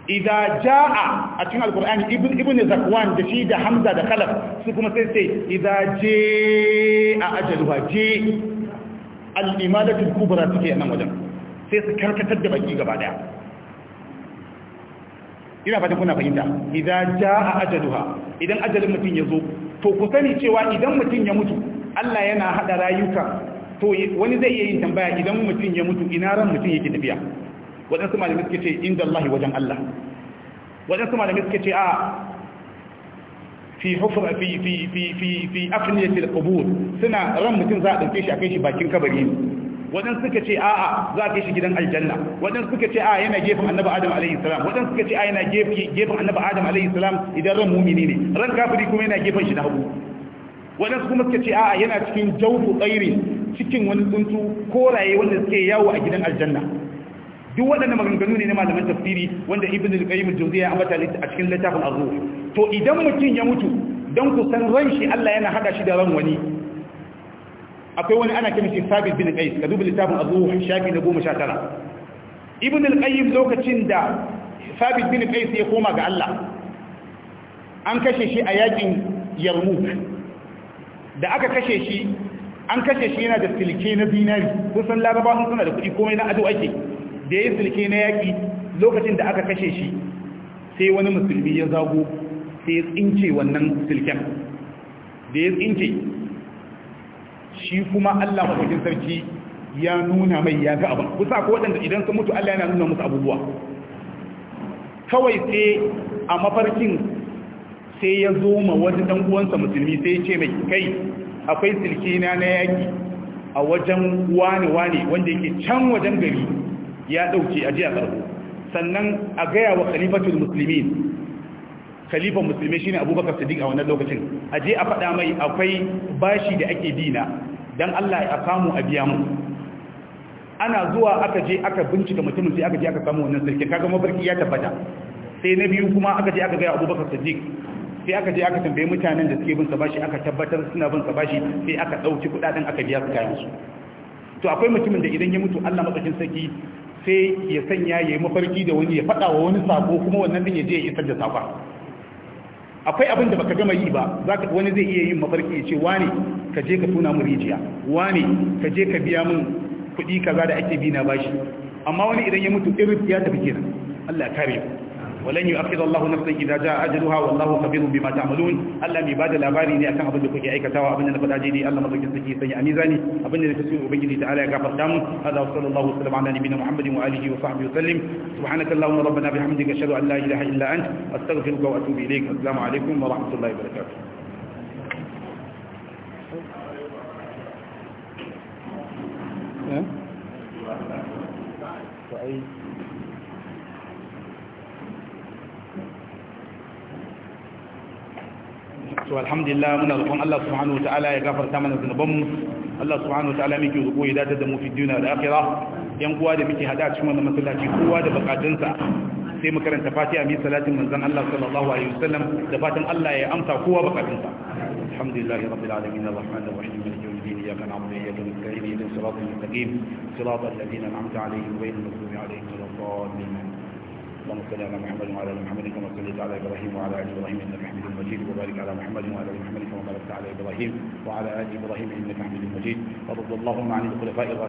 idza jaa a cikin alqur'ani ibn ibn zakwan da shi da hamza da khalaf su kuma sai sai idza jaa ajaluha jaa al'imadatul kubra suke nan wajen sai su karkatar da baki gaba daya ina fatan kuna fahimta idan ja jaa ajaluha idan ajalin mutum ya zo to ku sani cewa idan mutum ya mutu Allah yana hada rayuka to wani zai iya yin tambaya idan mutum ya mutu ina ran mutum yake tafiya wadansu malamai suke ce inda Allahi wajen Allah wadansu malamai suke ce a fi hufra fi fi fi fi fi afniyati alqubur suna ran mutum za a dauke shi a kai shi bakin kabari ne wadan suka ce a'a za a kai shi gidan aljanna wadan suka ce a'a yana gefen annabi adam alaihi salam wadan suka ce a yana gefen annabi adam alaihi salam idan ran mumini ne ran kafiri kuma yana gefen shi na hagu wadansu kuma suka ce a'a yana cikin jawfu tsairi cikin wani tsuntsu koraye wanda suke yawo a gidan aljanna duk waɗannan maganganu ne na malaman tafsiri wanda ibn al-qayyim al-jawziyya ya ambata a cikin littafin azu to idan mutum ya mutu dan ku san ran shi Allah yana hada shi da ran wani akwai wani ana kimi shi sabit bin qais ka duba littafin azu shafi na 19 ibn al-qayyim lokacin da sabit bin qais ya koma ga Allah an kashe shi a yakin yarmuk da aka kashe shi an kashe shi yana da silke na binari kusan larabawa suna da kuɗi komai na ado ake da ya sulke na yaƙi lokacin da aka kashe shi sai wani musulmi ya zago sai ya tsince wannan sulken da ya tsince shi kuma Allah mafakin sarki ya nuna mai ya ga abu kusa ko waɗanda idan sun mutu Allah yana nuna musu abubuwa kawai sai a mafarkin sai ya zo ma wani ɗan musulmi sai ya ce mai kai akwai sulke na yaƙi a wajen wani-wani wanda yake can wajen gari ya dauke a jiya karbo sannan a gaya wa khalifatul muslimin khalifan musulmi shine abubakar Sadiq a wannan lokacin a je a faɗa mai akwai bashi da ake dina dan Allah ya samu a biya mu ana zuwa aka je aka bincika mutumin sai aka je aka samu wannan sarki kaga mafarki ya tabbata sai na biyu kuma aka je aka gaya abubakar Sadiq sai aka je aka tambaye mutanen da suke bin sa bashi aka tabbatar suna bin sa bashi sai aka dauki kudaden aka biya su kayan su to akwai mutumin da idan ya mutu Allah madaukin sarki sai ya sanya ya yi mafarki da wani ya faɗa wa wani sako kuma wannan din ya je ya isar da sakon akwai abin da baka gama yi ba zaka wani zai iya yin mafarki ya ce wani ka je ka tuna mu rijiya wani ka je ka biya mun kuɗi kaza da ake bi na bashi amma wani idan ya mutu irin ya tafi kenan Allah ya kare ku walan yu'akhiru Allahu nafsan idza jaa ajaluha wallahu khabirun bima ta'malun Allah mai bada labari ne akan abin da kuke aikatawa abin da na faɗa jini Allah a mizani abin da kace ubangiji ta'ala ya an la ilaha illa to alhamdulillah muna roƙon Allah subhanahu wataala ya gafarta mana zunubanmu Allah subhanahu wataala miki roƙo ya dace da mu fi duniya da akhira yan kuwa da miki hada cikin wannan masallaci kowa da bukatunsa sai mu karanta fatiha mai salatin manzon Allah sallallahu alaihi wasallam da fatan Allah ya amsa kowa bukatunsa alhamdulillah rabbil alamin arrahman arrahim maliki yawmiddin iyyaka na'budu wa iyyaka nasta'in ihdinas siratal mustaqim siratal ladzina an'amta alaihim ghayril maghdubi alaihim waladdallin اللهم صل على محمد وعلى ال محمد كما صليت على ابراهيم وعلى ال ابراهيم انك حميد مجيد وبارك على محمد وعلى ال محمد كما باركت على ابراهيم وعلى ال ابراهيم انك حميد مجيد وارض اللهم عن الخلفاء